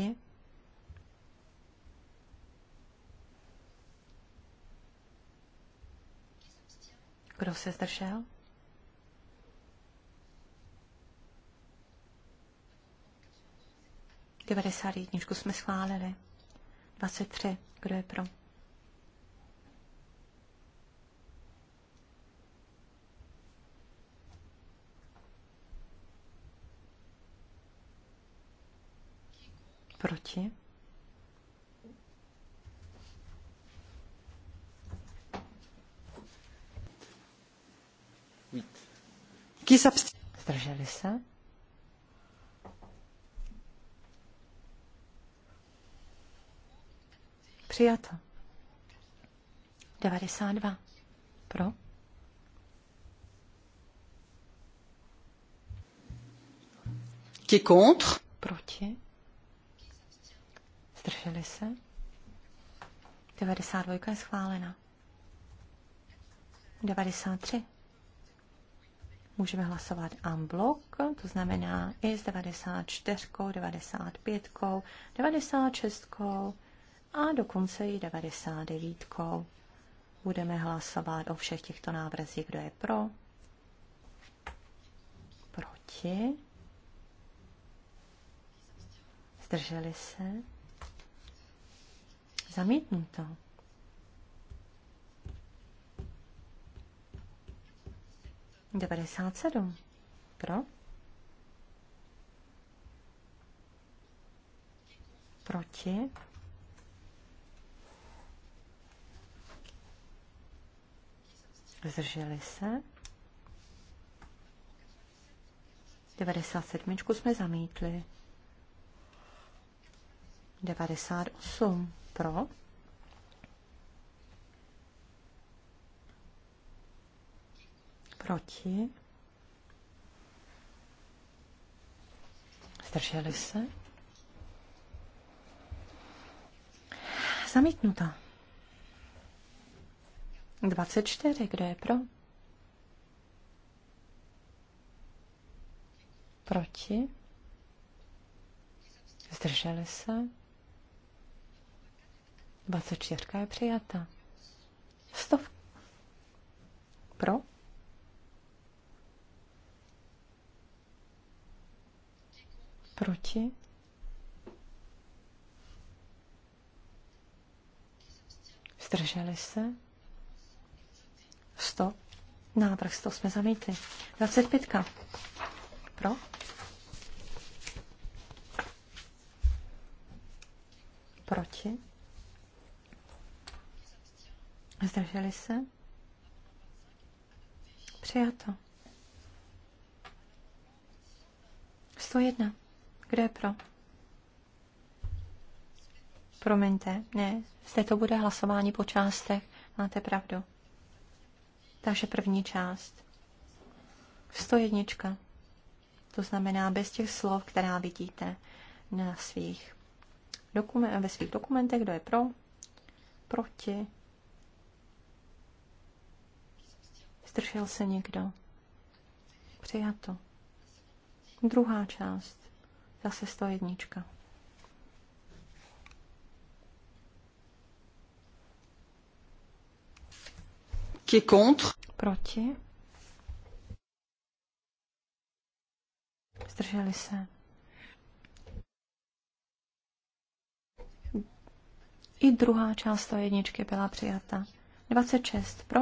Proti? Kdo se zdržel? Devadesát jedničku jsme schválili. 23. Kdo je pro? Proti? Zdrželi se? Přijato. 92. Pro? Qui est contre? Proti zdrželi se. 92 je schválena. 93. Můžeme hlasovat en bloc, to znamená i s 94, 95, 96 a dokonce i 99. Budeme hlasovat o všech těchto návrzích, kdo je pro, proti, zdrželi se. Zamítnuto. Devadesát sedm. Pro? Proti? Zdrželi se? Devadesát sedmičku jsme zamítli. Devadesát osm pro? Proti? Zdrželi se? Zamítnuta. 24. Kdo je pro? Proti? Zdrželi se? 24 je přijata. Stov. Pro? Proti? Zdrželi se? Sto? Návrh sto jsme zamítli. 25. Pro? Proti? Zdrželi se? Přijato. 101. Kdo je pro? Promiňte, ne, zde to bude hlasování po částech, máte pravdu. Takže první část. 101. To znamená bez těch slov, která vidíte na svých dokumen- ve svých dokumentech, kdo je pro, proti, Zdržel se někdo? Přijato. Druhá část. Zase 101. Qui est contre? Proti. Zdrželi se. I druhá část 101 byla přijata. 26 pro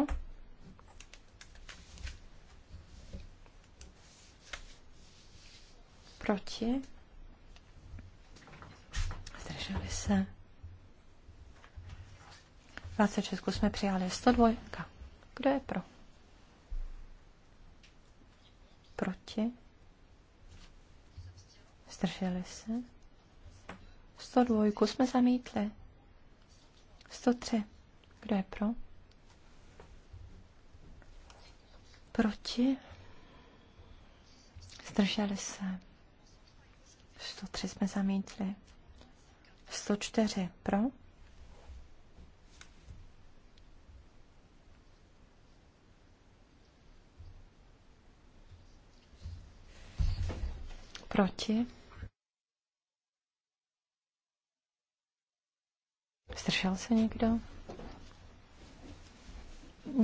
Proti? Zdrželi se. 26 jsme přijali 102. Kdo je pro? Proti? Zdrželi se. 102 jsme zamítli. 103. Kdo je pro? Proti? Zdrželi se. 103 jsme zamítli. 104 pro. Proti. Zdržel se někdo?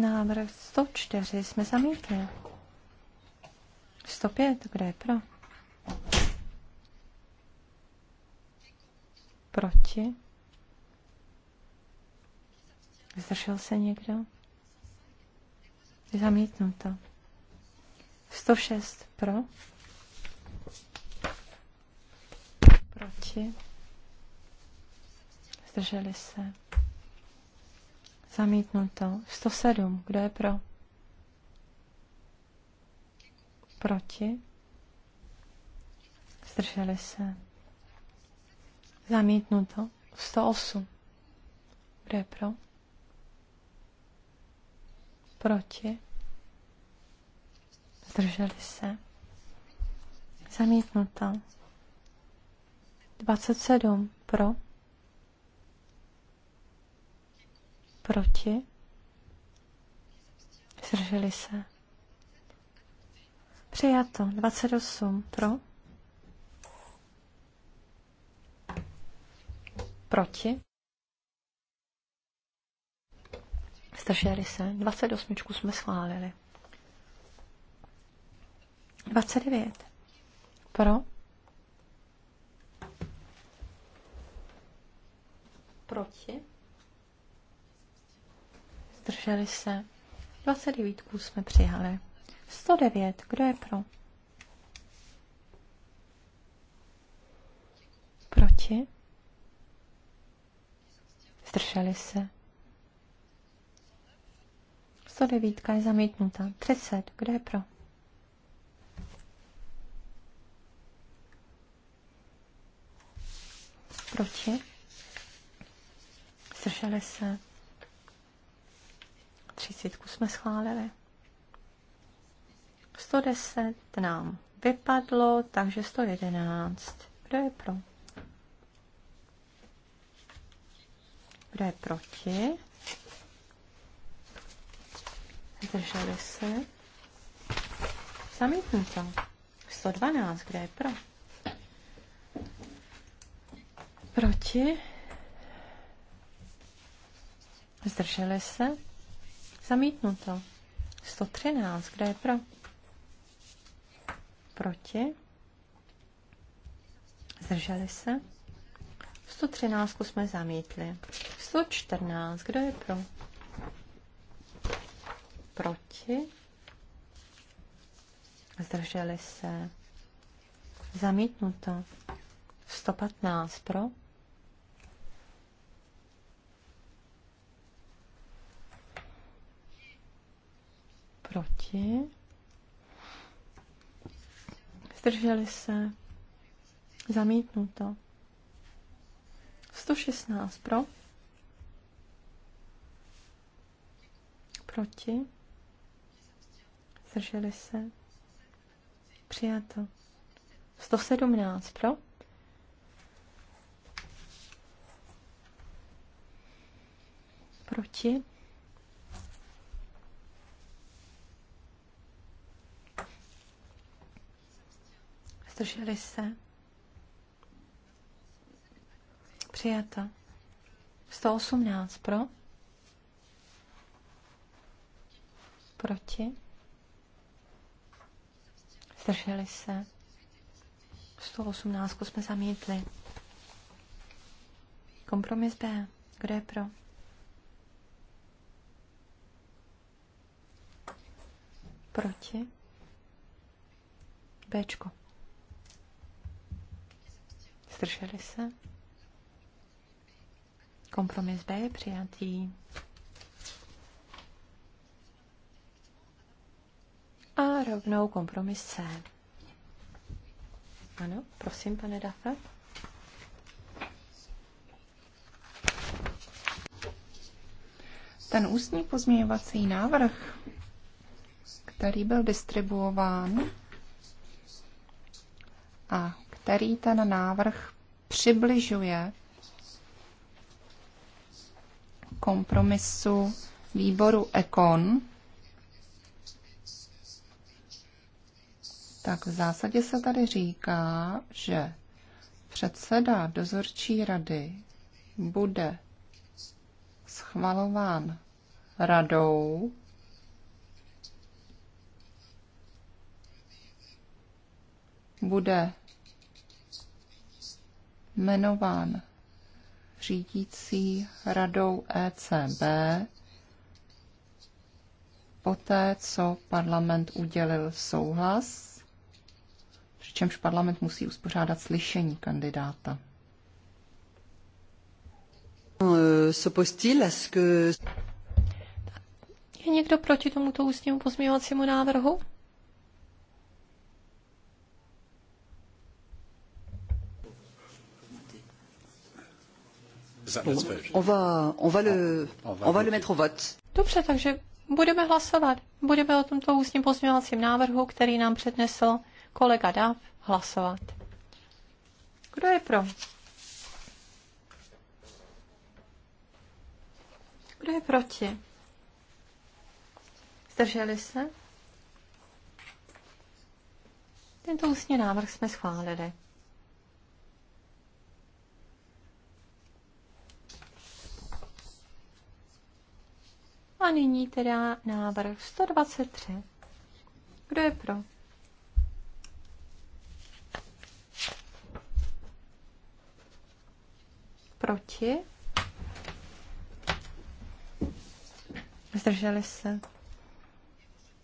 Návrh 104 jsme zamítli. 105, kde je pro? Proti? Zdržel se někdo? Zamítnuto. 106 pro. Proti. Zdrželi se. Zamítnuto. 107. Kdo je pro? Proti. Zdrželi se. Zamítnuto. 108. Kdo je pro? Proti? Zdrželi se. Zamítnuto. 27. Pro? Proti? Zdrželi se. Přijato. 28. Pro? Proti? Zdrželi se. 28 jsme schválili. 29. Pro? Proti? Zdrželi se. 29 jsme přijali. 109. Kdo je pro? Proti? Zdrželi se. 109 je zamítnuta. 30. Kdo je pro? Proti? Zdrželi se. 30 jsme schválili. 110 nám vypadlo, takže 111. Kdo je pro? Kdo je proti? Zdrželi se. Zamítnuto. 112. Kdo je pro? Proti? Zdrželi se. Zamítnuto. 113. Kdo je pro? Proti? Zdrželi se. 113 jsme zamítli. 114, kdo je pro? Proti? Zdrželi se. Zamítnuto. 115 pro. Proti. Zdrželi se. Zamítnuto. 116 pro. Proti. Zdrželi se. Přijato. 117 pro. Proti. Zdrželi se. přijata. 118 pro. Proti. Zdrželi se. 118 jsme zamítli. Kompromis B. Kdo je pro? Proti. Bčko. Zdrželi se. Kompromis B je přijatý. A rovnou kompromis C. Ano, prosím, pane Dafe. Ten ústní pozměňovací návrh, který byl distribuován a který ten návrh přibližuje kompromisu výboru Ekon, tak v zásadě se tady říká, že předseda dozorčí rady bude schvalován radou bude jmenován řídící radou ECB poté, co parlament udělil souhlas, přičemž parlament musí uspořádat slyšení kandidáta. Euh, Je někdo proti tomuto ústnímu pozměňovacímu návrhu? No, on va, on va, le, on va le mettre au vote. Dobře, takže budeme hlasovat. Budeme o tomto ústním pozměňovacím návrhu, který nám přednesl kolega Dav, hlasovat. Kdo je pro? Kdo je proti? Zdrželi se? Tento ústní návrh jsme schválili. A nyní teda návrh 123. Kdo je pro? Proti? Zdrželi se.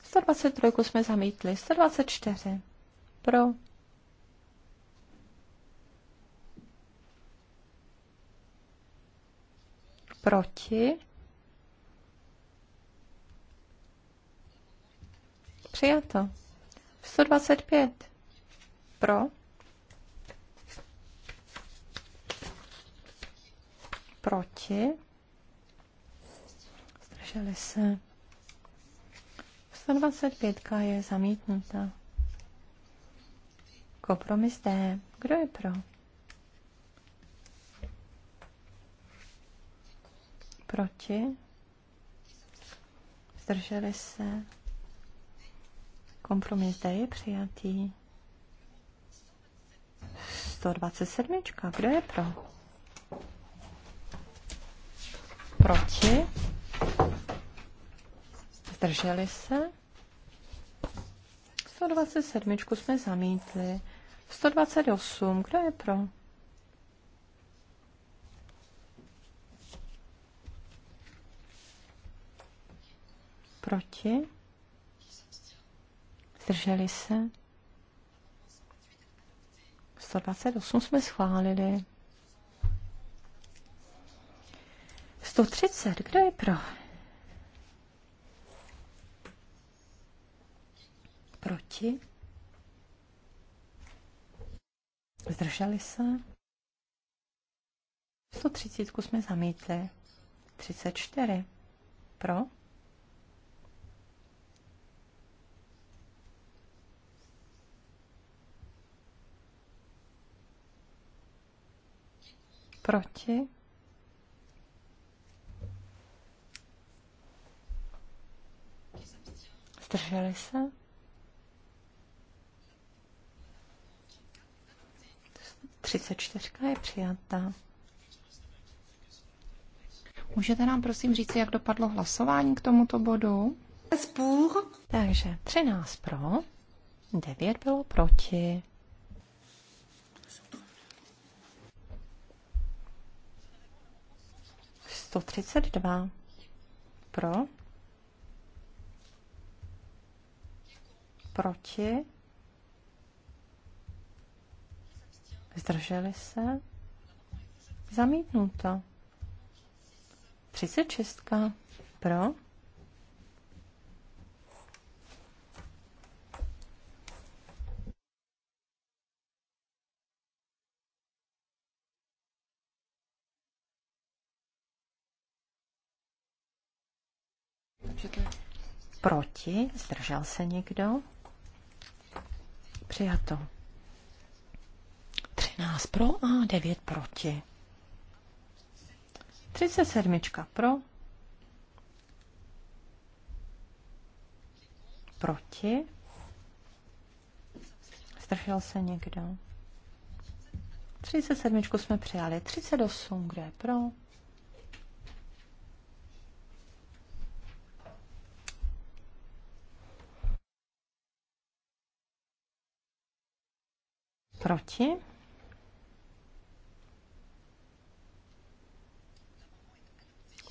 123 jsme zamítli. 124. Pro. Proti. Přijato. 125. Pro. Proti. Zdrželi se. 125 je zamítnuta. Kompromis D. Kdo je pro? Proti? Zdrželi se? Kompromis D je přijatý. 127. Kdo je pro? Proti? Zdrželi se? 127 jsme zamítli. 128. Kdo je pro? Proti? zdrželi se. 128 jsme schválili. 130, kdo je pro? Proti? Zdrželi se? 130 jsme zamítli. 34. Pro? Proti? Zdrželi se? Třicet čtyřka je přijatá. Můžete nám prosím říct, jak dopadlo hlasování k tomuto bodu? Spůr. Takže 13 pro, 9 bylo proti. 132. Pro. Proti. Zdrželi se. Zamítnuto. 36. Pro. Proti? Zdržel se někdo? Přijato. 13 pro a 9 proti. 37 pro. Proti. Zdržel se někdo? 37 jsme přijali. 38, kde je pro? Proti?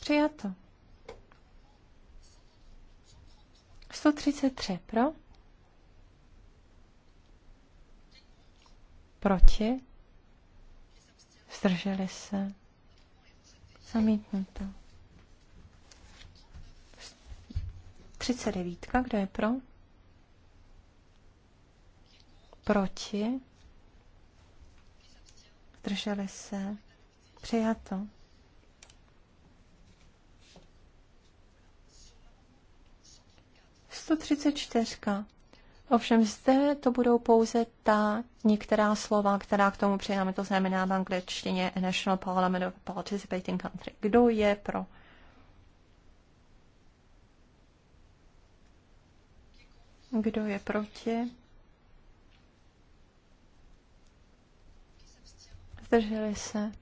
Přijato. 133 pro. Proti? Zdrželi se. Zamítnuto. 39. Kdo je pro? Proti? zdrželi se, přijato. čtyřka. Ovšem zde to budou pouze ta některá slova, která k tomu přijáme, to znamená v angličtině a National Parliament of Participating Country. Kdo je pro? Kdo je proti? zdrželi se,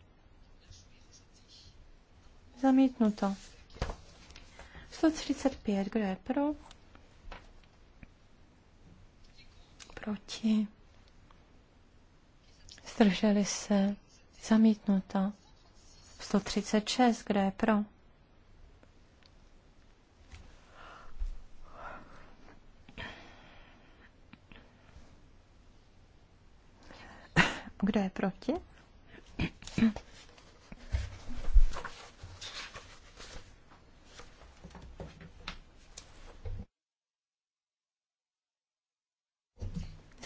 zamítnuto. 135, kdo je pro? Proti. Zdrželi se, zamítnuto. 136, kdo je pro? Kdo je proti?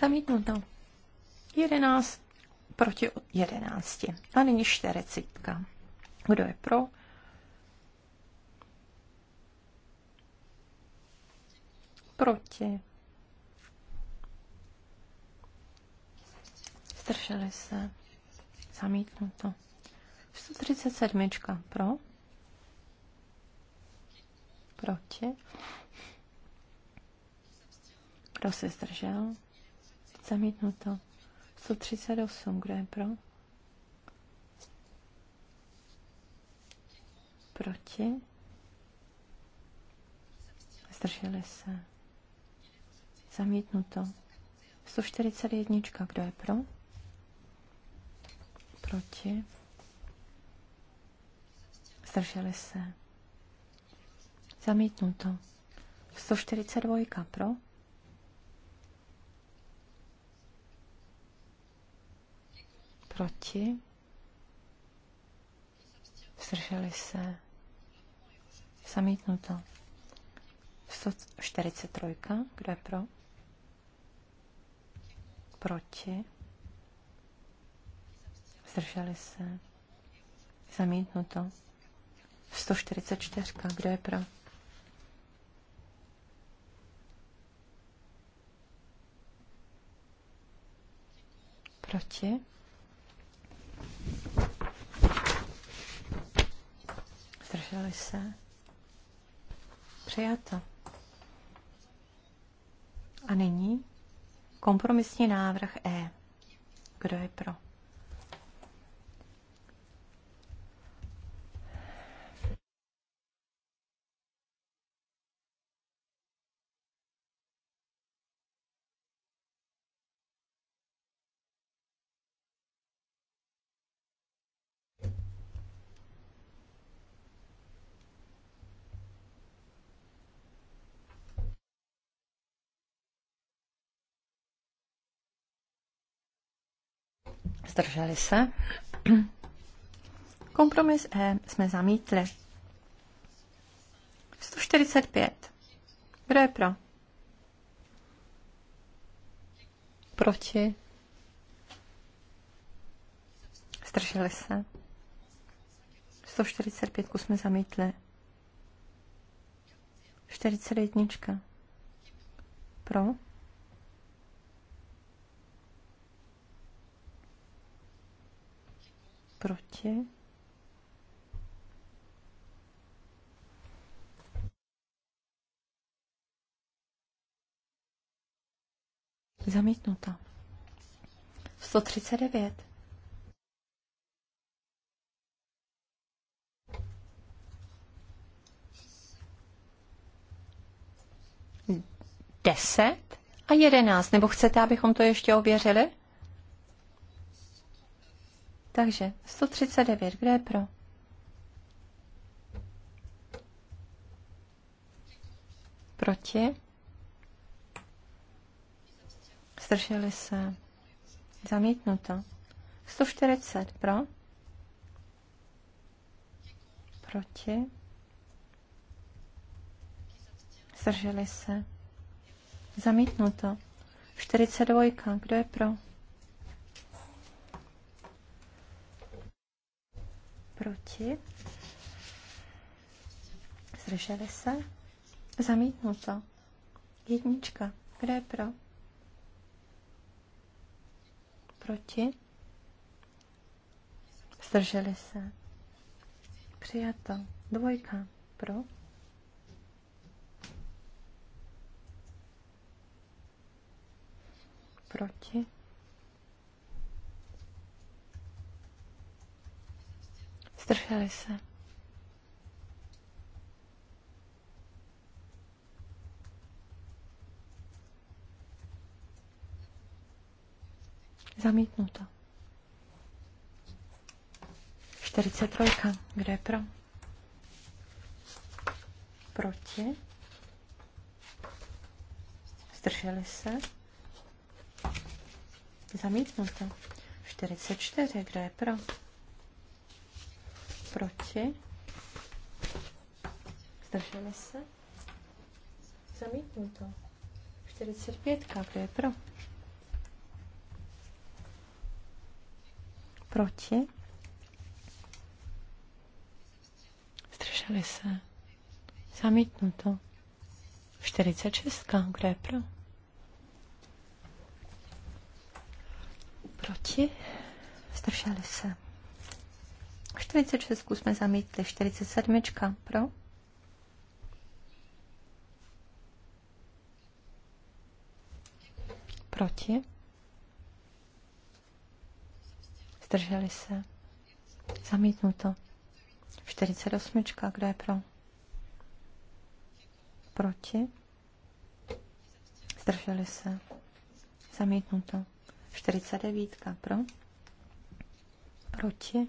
Zamítnuto. 11 proti 11. A nyní čtyřicítka. Kdo je pro? Proti. Zdrželi se. Zamítnuto. 137. Pro? Proti? Kdo se zdržel? Zamítnuto. 138. Kdo je pro? Proti? Zdrželi se. Zamítnuto. 141. Kdo je pro? Proti? Zdrželi se. Zamítnuto. 142 pro. Proti. Zdrželi se. Zamítnuto. 143. Kdo je pro? Proti zdrželi se, zamítnuto. 144, kdo je pro? Proti? Zdrželi se? Přijato. A nyní kompromisní návrh E. Kdo je pro? zdrželi se. Kompromis E jsme zamítli. 145. Kdo je pro? Proti? Zdrželi se. 145 jsme zamítli. 41. Pro? Proti? Zamítnuta. 139. Deset a jedenáct. Nebo chcete, abychom to ještě ověřili? Takže 139, kdo je pro? Proti? Zdrželi se. Zamítnuto. 140 pro? Proti? Zdrželi se. Zamítnuto. 42. Kdo je pro? Proti? Zdrželi se? Zamítnuto. Jednička. Kdo je pro? Proti? Zdrželi se. Přijato. Dvojka. Pro? Proti? Zdrželi se. Zamítnuto. 43. Kdo je pro? Proti? Zdrželi se? Zamítnuto. 44. Kdo je pro? Proti? Zdrželi se? Zamítnu to. 45. kde je pro? Proti? Zdrželi se? Zamítnu to. 46. kde je pro? Proti? Zdrželi se. 46 jsme zamítli, 47 pro. Proti. Zdrželi se. Zamítnuto. 48. Kdo je pro? Proti. Zdrželi se. Zamítnuto. 49. Pro? Proti.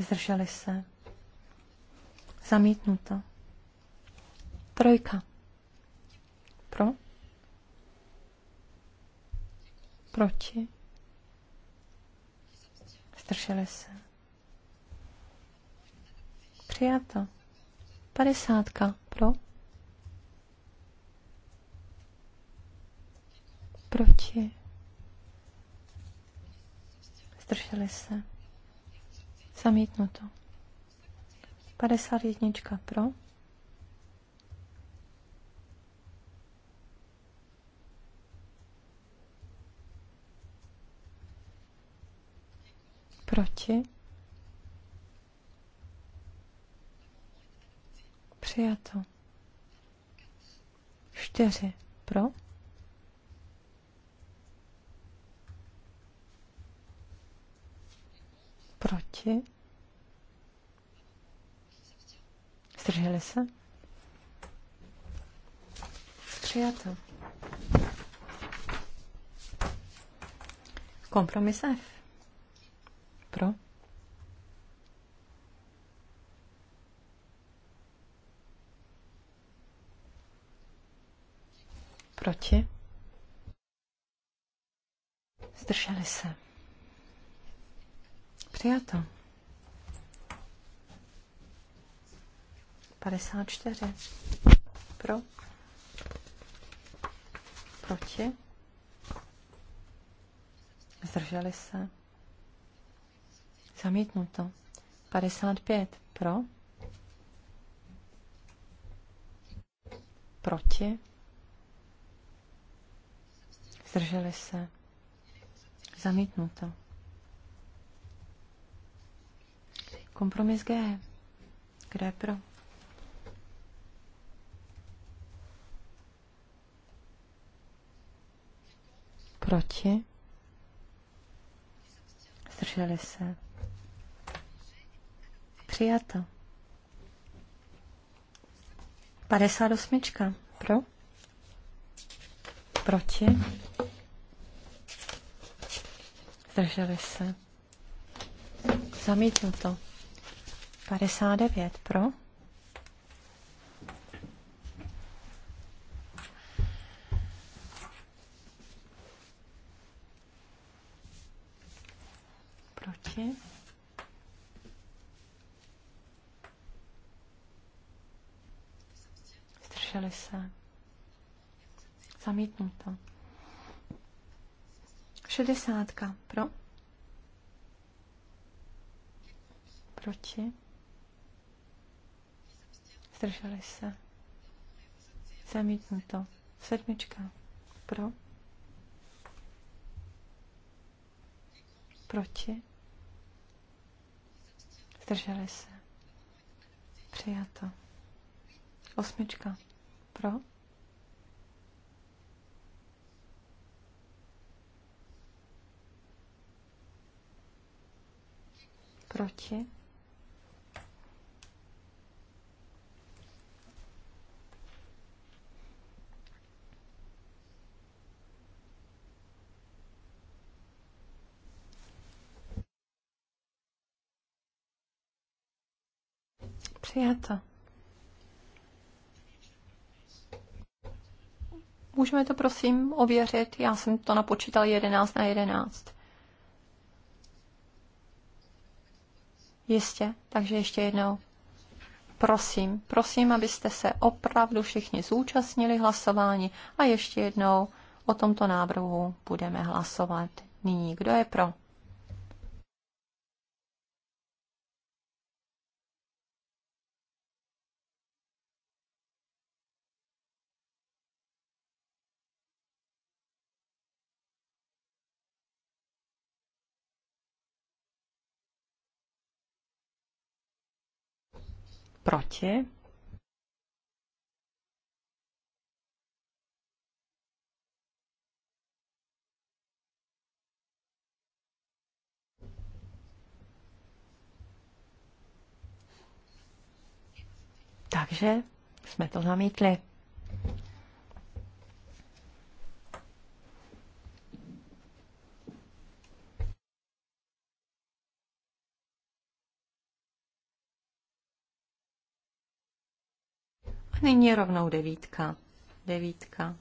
Zdrželi se. Zamítnuto. Trojka. Pro. Proti. Zdrželi se. Přijato. Padesátka. Pro. Proti. Zdrželi se. Zamítnuto. 51 pro. Proti. Přijato. 4 pro. Proti? Zdrželi se? Přijato. Kompromis F. Pro? Proti? Zdrželi se. Přijato. 54. Pro. Proti. Zdrželi se. Zamítnuto. 55. Pro. Proti. Zdrželi se. Zamítnuto. Kompromis G. Kdo je pro? Proti? Zdrželi se. Přijato. 58. Pro? Proti? Zdrželi se. Zamítnuto. 59 pro. Proti. Zdrželi se. Zamítnuto. 60 pro. Proti zdrželi se, zamítnuto. Sedmička, pro, proti, zdrželi se, přijato. Osmička, pro, proti, Přijato. Můžeme to prosím ověřit? Já jsem to napočítal 11 na 11. Jistě, takže ještě jednou. Prosím, prosím, abyste se opravdu všichni zúčastnili hlasování a ještě jednou o tomto návrhu budeme hlasovat. Nyní, kdo je pro? Proti? Takže jsme to zamítli. nyní rovnou devítka. Devítka.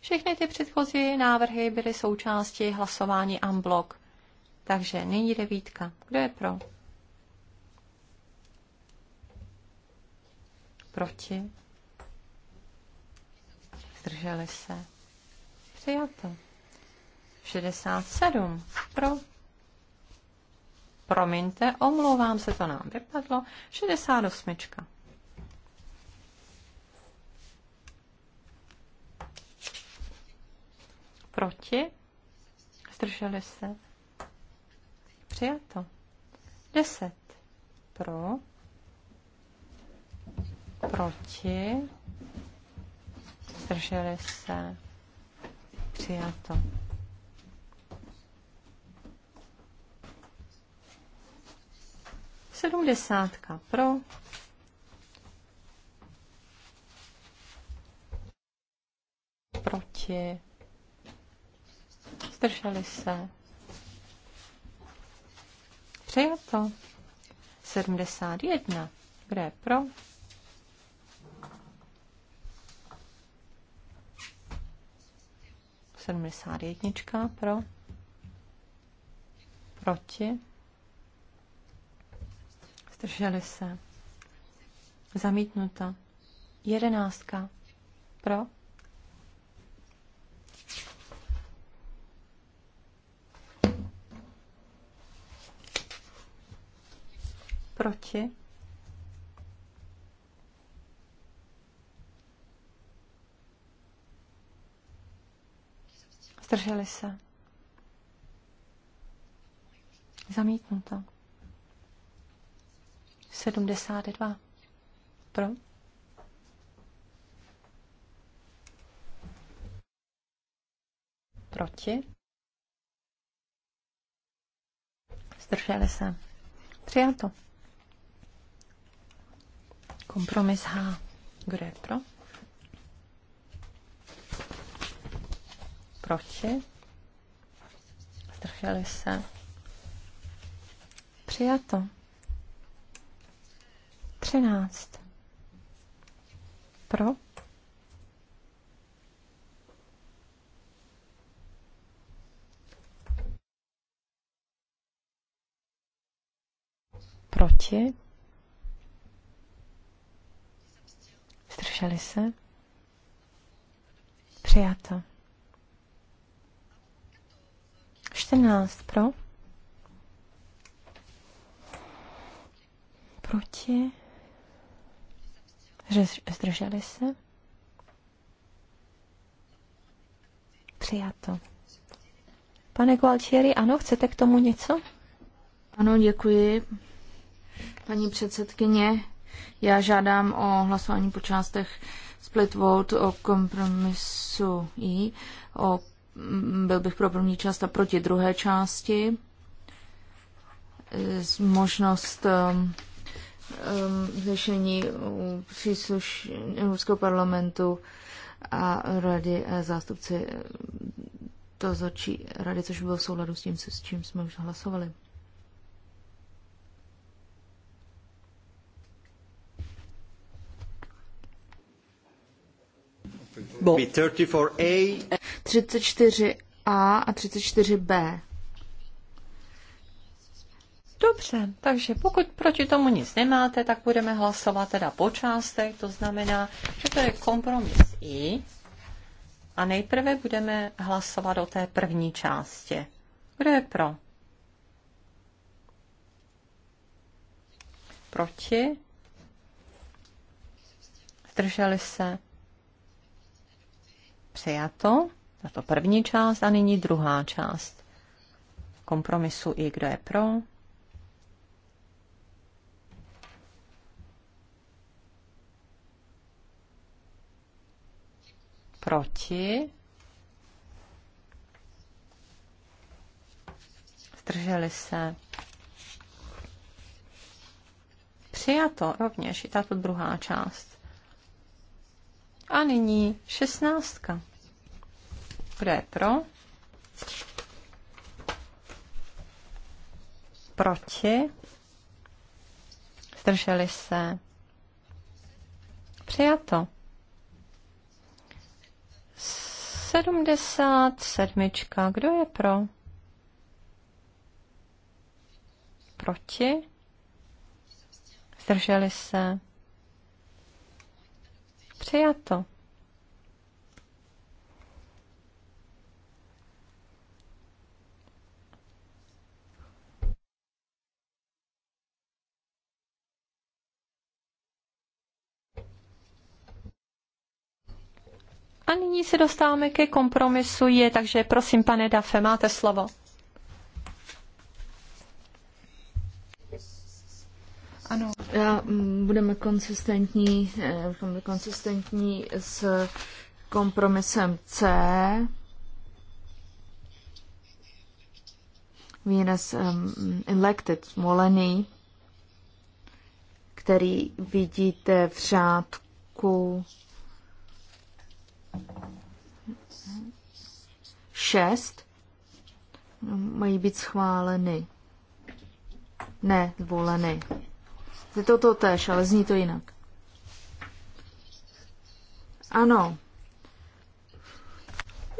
Všechny ty předchozí návrhy byly součástí hlasování Amblok. Takže nyní devítka. Kdo je pro? Proti? Zdrželi se. Přijato. 67. Pro promiňte, omlouvám se, to nám vypadlo, 68. Proti? Zdrželi se? Přijato. 10. Pro? Proti? Zdrželi se? Přijato. 70 pro, proti, zdrželi se, přijato, 71, kde je pro, sedmdesát jednička pro, proti, zdrželi se, zamítnuto. Jedenáctka, pro, proti. Zdrželi se. Zamítnuto. 72. Pro? Proti? Zdrželi se. Přijato. Kompromis H. Kdo je pro? Proti? Zdrželi se. Přijato. 13. Pro? Proti? Zdrželi se? Přijato. 14 pro? Proti? Zdrželi se? Přijato. Pane Gualtieri, ano, chcete k tomu něco? Ano, děkuji. Paní předsedkyně, já žádám o hlasování po částech split vote o kompromisu I. O, mm, byl bych pro první část a proti druhé části. E, možnost um, Um, řešení přísluš Evropského parlamentu a rady a zástupci dozorčí rady, což bylo v souladu s tím, s čím jsme už hlasovali. Bo. 34A a 34B. Dobře, takže pokud proti tomu nic nemáte, tak budeme hlasovat teda po částech, to znamená, že to je kompromis I. A nejprve budeme hlasovat o té první části. Kdo je pro? Proti? Zdrželi se? Přijato? Na to první část a nyní druhá část. Kompromisu i kdo je pro? Proti? Zdrželi se? Přijato rovněž i tato druhá část. A nyní šestnáctka. Kdo je pro? Proti? Zdrželi se? Přijato. 77. Kdo je pro? Proti? Zdrželi se? Přijato. A nyní se dostáváme ke kompromisu je, takže prosím, pane Dafe, máte slovo. Ano, já, mm, budeme konsistentní, eh, budeme konsistentní s kompromisem C. Venus um, elected, zvolený, který vidíte v řádku šest mají být schváleny. Ne, voleny. Je to to tež, ale zní to jinak. Ano.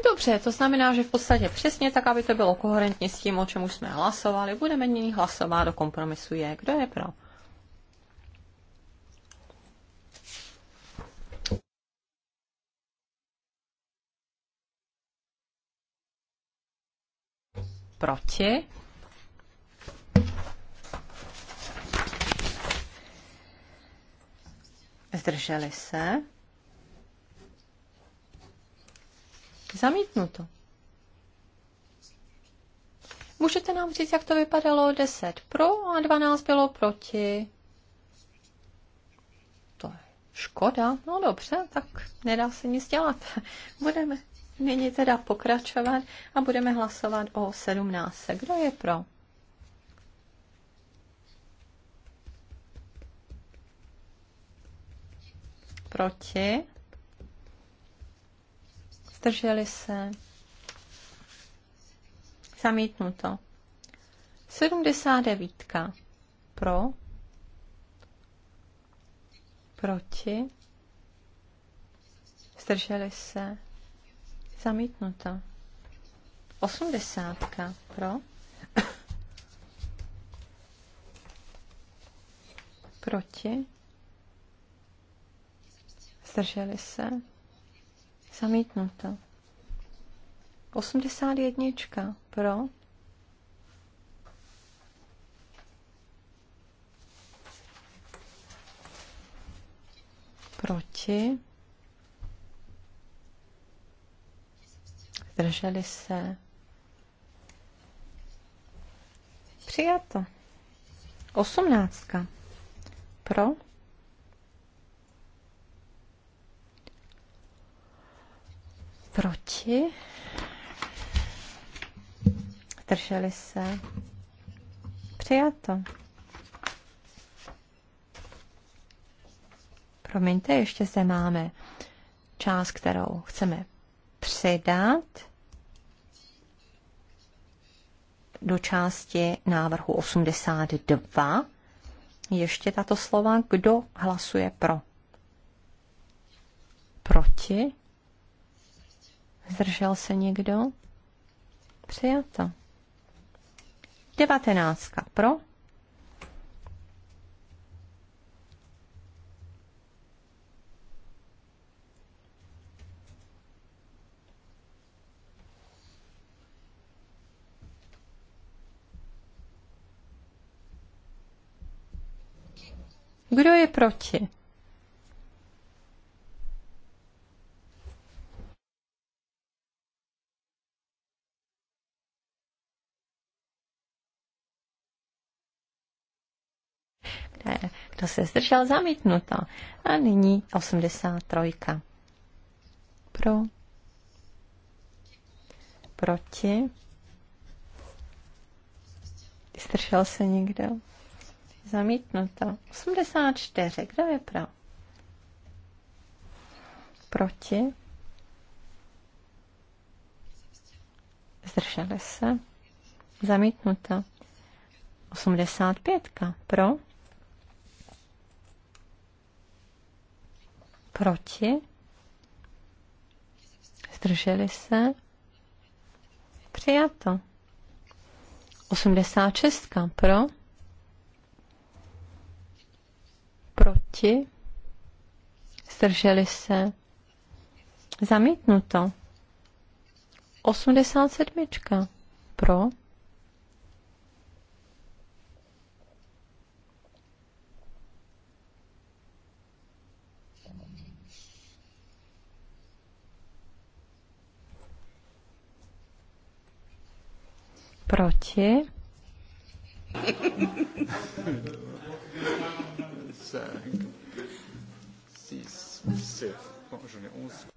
Dobře, to znamená, že v podstatě přesně tak, aby to bylo koherentně s tím, o čem už jsme hlasovali, budeme nyní hlasovat do kompromisu je. Kdo je pro? proti? Zdrželi se? Zamítnuto. Můžete nám říct, jak to vypadalo? 10 pro a 12 bylo proti. To je škoda. No dobře, tak nedá se nic dělat. Budeme nyní teda pokračovat a budeme hlasovat o 17. Kdo je pro? Proti? Zdrželi se? Zamítnuto. 79. Pro? Proti? Zdrželi se? Zamítnuto. Osmdesátka pro. Proti. Zdrželi se. Zamítnuto. Osmdesát jednička pro. Proti. zdrželi se. Přijato. Osmnáctka. Pro. Proti. Zdrželi se. Přijato. Promiňte, ještě se máme část, kterou chceme přidat do části návrhu 82 ještě tato slova, kdo hlasuje pro. Proti? Zdržel se někdo? Přijato. Devatenáctka pro. Kdo je proti? Kde, kdo se zdržel zamítnuto? A nyní 83. Pro. Proti. Zdržel se někdo? Zamítnuto. 84. Kdo je pro? Proti? Zdrželi se? Zamítnuto. 85. Pro? Proti? Zdrželi se? Přijato. 86. Pro? Proti? Zdrželi se? Zamítnuto. 87. Pro? Proti? 5, 6, 7, bon, j'en ai 11.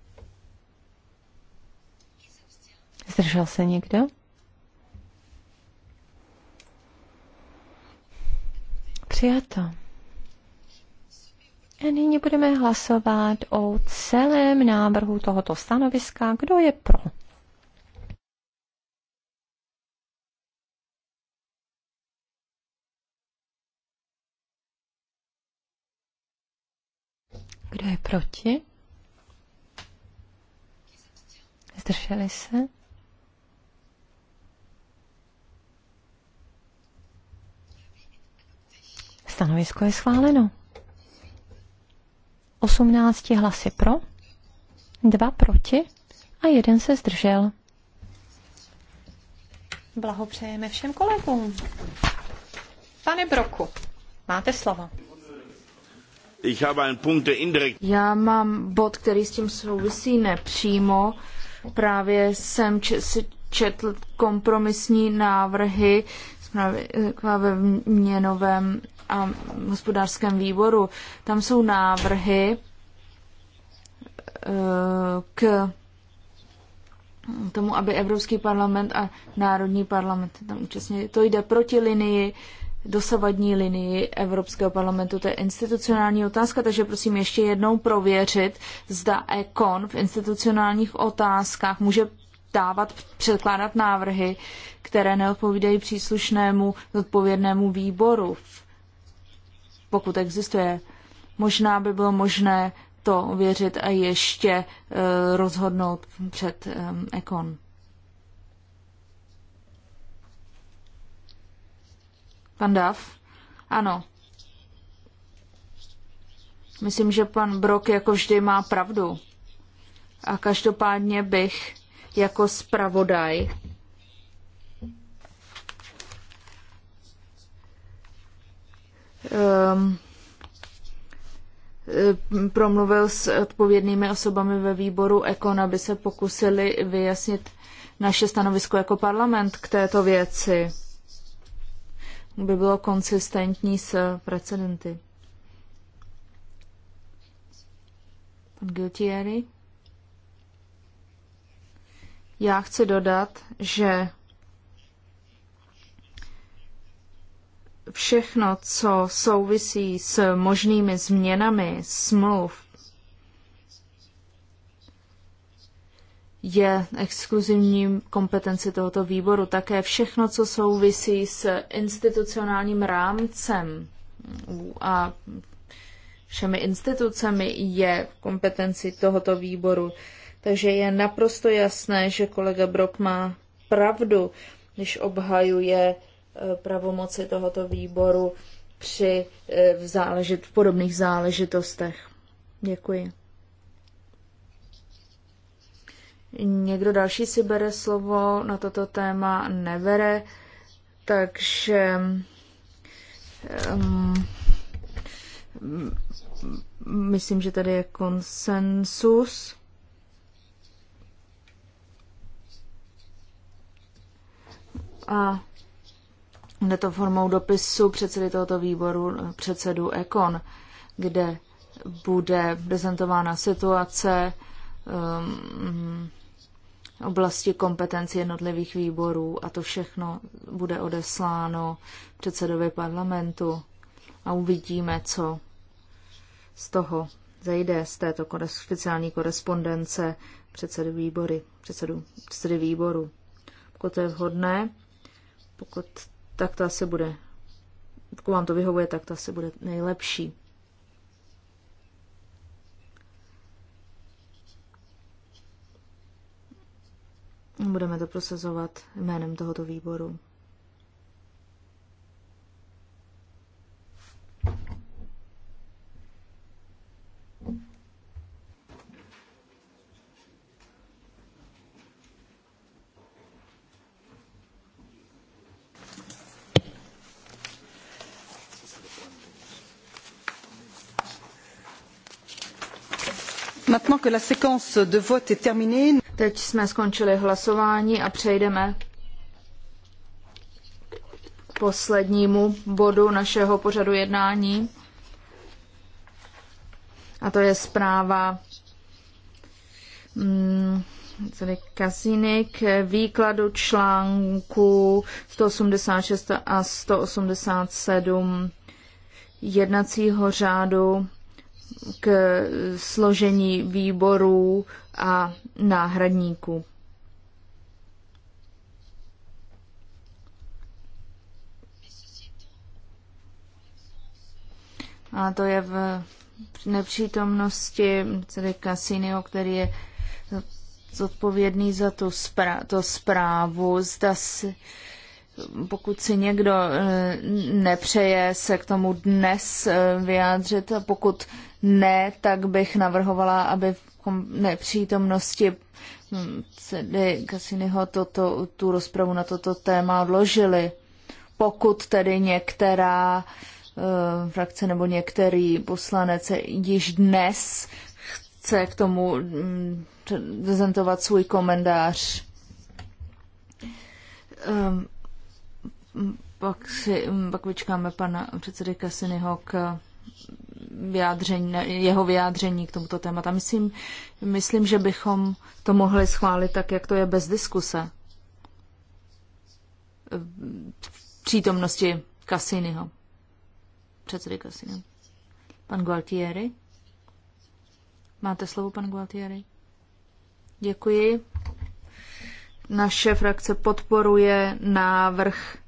Zdržel se někdo? Přijato. A nyní budeme hlasovat o celém návrhu tohoto stanoviska. Kdo je pro? Kdo je proti? Zdrželi se? Stanovisko je schváleno. 18 hlasy pro, dva proti a jeden se zdržel. Blahopřejeme všem kolegům. Pane Broku, máte slovo. Já mám bod, který s tím souvisí nepřímo. Právě jsem četl kompromisní návrhy eh, ve měnovém a hospodářském výboru. Tam jsou návrhy eh, k tomu, aby Evropský parlament a Národní parlament tam účastnili. To jde proti linii dosavadní linii Evropského parlamentu. To je institucionální otázka, takže prosím ještě jednou prověřit, zda ECON v institucionálních otázkách může dávat, předkládat návrhy, které neodpovídají příslušnému odpovědnému výboru, pokud existuje. Možná by bylo možné to ověřit a ještě eh, rozhodnout před eh, ECON. Pan Dav? Ano. Myslím, že pan Brok jako vždy má pravdu. A každopádně bych jako zpravodaj um, promluvil s odpovědnými osobami ve výboru Ekon, aby se pokusili vyjasnit naše stanovisko jako parlament k této věci by bylo konsistentní s precedenty. Pan Giltieri? Já chci dodat, že všechno, co souvisí s možnými změnami smluv je exkluzivní kompetenci tohoto výboru. Také všechno, co souvisí s institucionálním rámcem a všemi institucemi, je kompetenci tohoto výboru. Takže je naprosto jasné, že kolega Brok má pravdu, když obhajuje e, pravomoci tohoto výboru při e, v, záležit, v podobných záležitostech. Děkuji. Někdo další si bere slovo na toto téma, nevere, takže um, myslím, že tady je konsensus. A jde to formou dopisu předsedy tohoto výboru, předsedu Ekon, kde bude prezentována situace, um, oblasti kompetenci jednotlivých výborů a to všechno bude odesláno předsedovi parlamentu a uvidíme, co z toho zejde z této speciální korespondence předsedu výbory, předsedu, předsedy výboru. Pokud to je vhodné, pokud tak to asi bude, pokud vám to vyhovuje, tak to asi bude nejlepší. Budeme to prosazovat jménem tohoto výboru. maintenant que la séquence de vote est terminée Teď jsme skončili hlasování a přejdeme k poslednímu bodu našeho pořadu jednání. A to je zpráva hmm, tedy k výkladu článku 186 a 187 jednacího řádu k složení výborů a náhradníků. A to je v nepřítomnosti tedy Casinio, který je zodpovědný za tu to zprávu, zda si, pokud si někdo eh, nepřeje se k tomu dnes eh, vyjádřit, pokud ne, tak bych navrhovala, aby v nepřítomnosti tedy hm, Kasinyho toto, tu rozpravu na toto téma odložili. Pokud tedy některá eh, frakce nebo některý poslanec již dnes chce k tomu hm, prezentovat svůj komentář. Ehm, pak, si, mm, pak vyčkáme pana předsedy Kasinyho k vyjádření, jeho vyjádření k tomuto tématu. Myslím, myslím, že bychom to mohli schválit tak, jak to je bez diskuse v přítomnosti Kasinyho, předsedy Kasinyho. Pan Gualtieri? Máte slovo, pan Gualtieri? Děkuji. Naše frakce podporuje návrh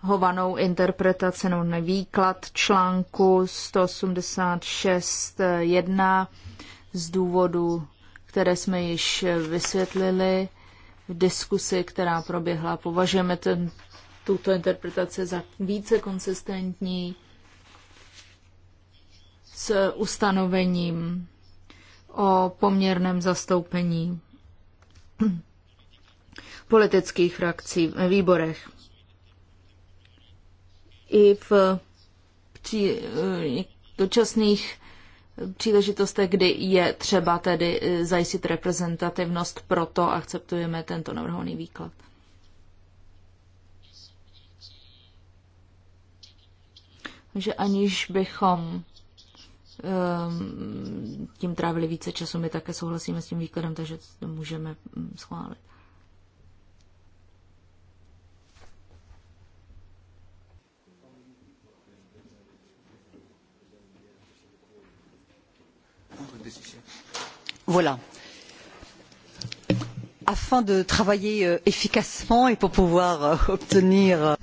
hovanou interpretaci nebo nevýklad výklad článku 186.1 z důvodu, které jsme již vysvětlili v diskusi, která proběhla. Považujeme ten, tuto interpretaci za více konsistentní s ustanovením o poměrném zastoupení politických frakcí ve výborech i v při, eh, dočasných příležitostech, kdy je třeba tedy eh, zajistit reprezentativnost, proto akceptujeme tento navrhovaný výklad. Takže aniž bychom ehm, tím trávili více času, my také souhlasíme s tím výkladem, takže to můžeme mm, schválit.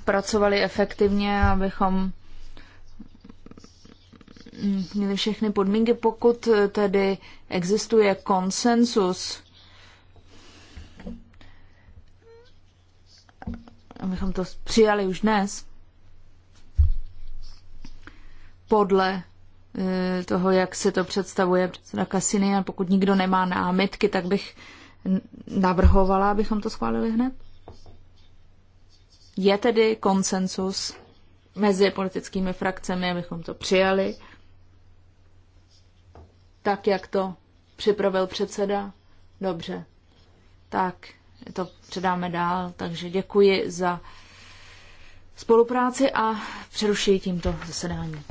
Pracovali efektivně, abychom měli všechny podmínky, pokud eh, tedy existuje konsensus, abychom to přijali už dnes, podle Eh, toho, jak si to představuje předseda Kasiny a pokud nikdo nemá námitky, tak bych navrhovala, abychom to schválili hned. Je tedy konsensus mezi politickými frakcemi, abychom to přijali, tak jak to připravil předseda? Dobře. Tak to předáme dál, takže děkuji za spolupráci a přerušuji tímto zasedání.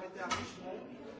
permette a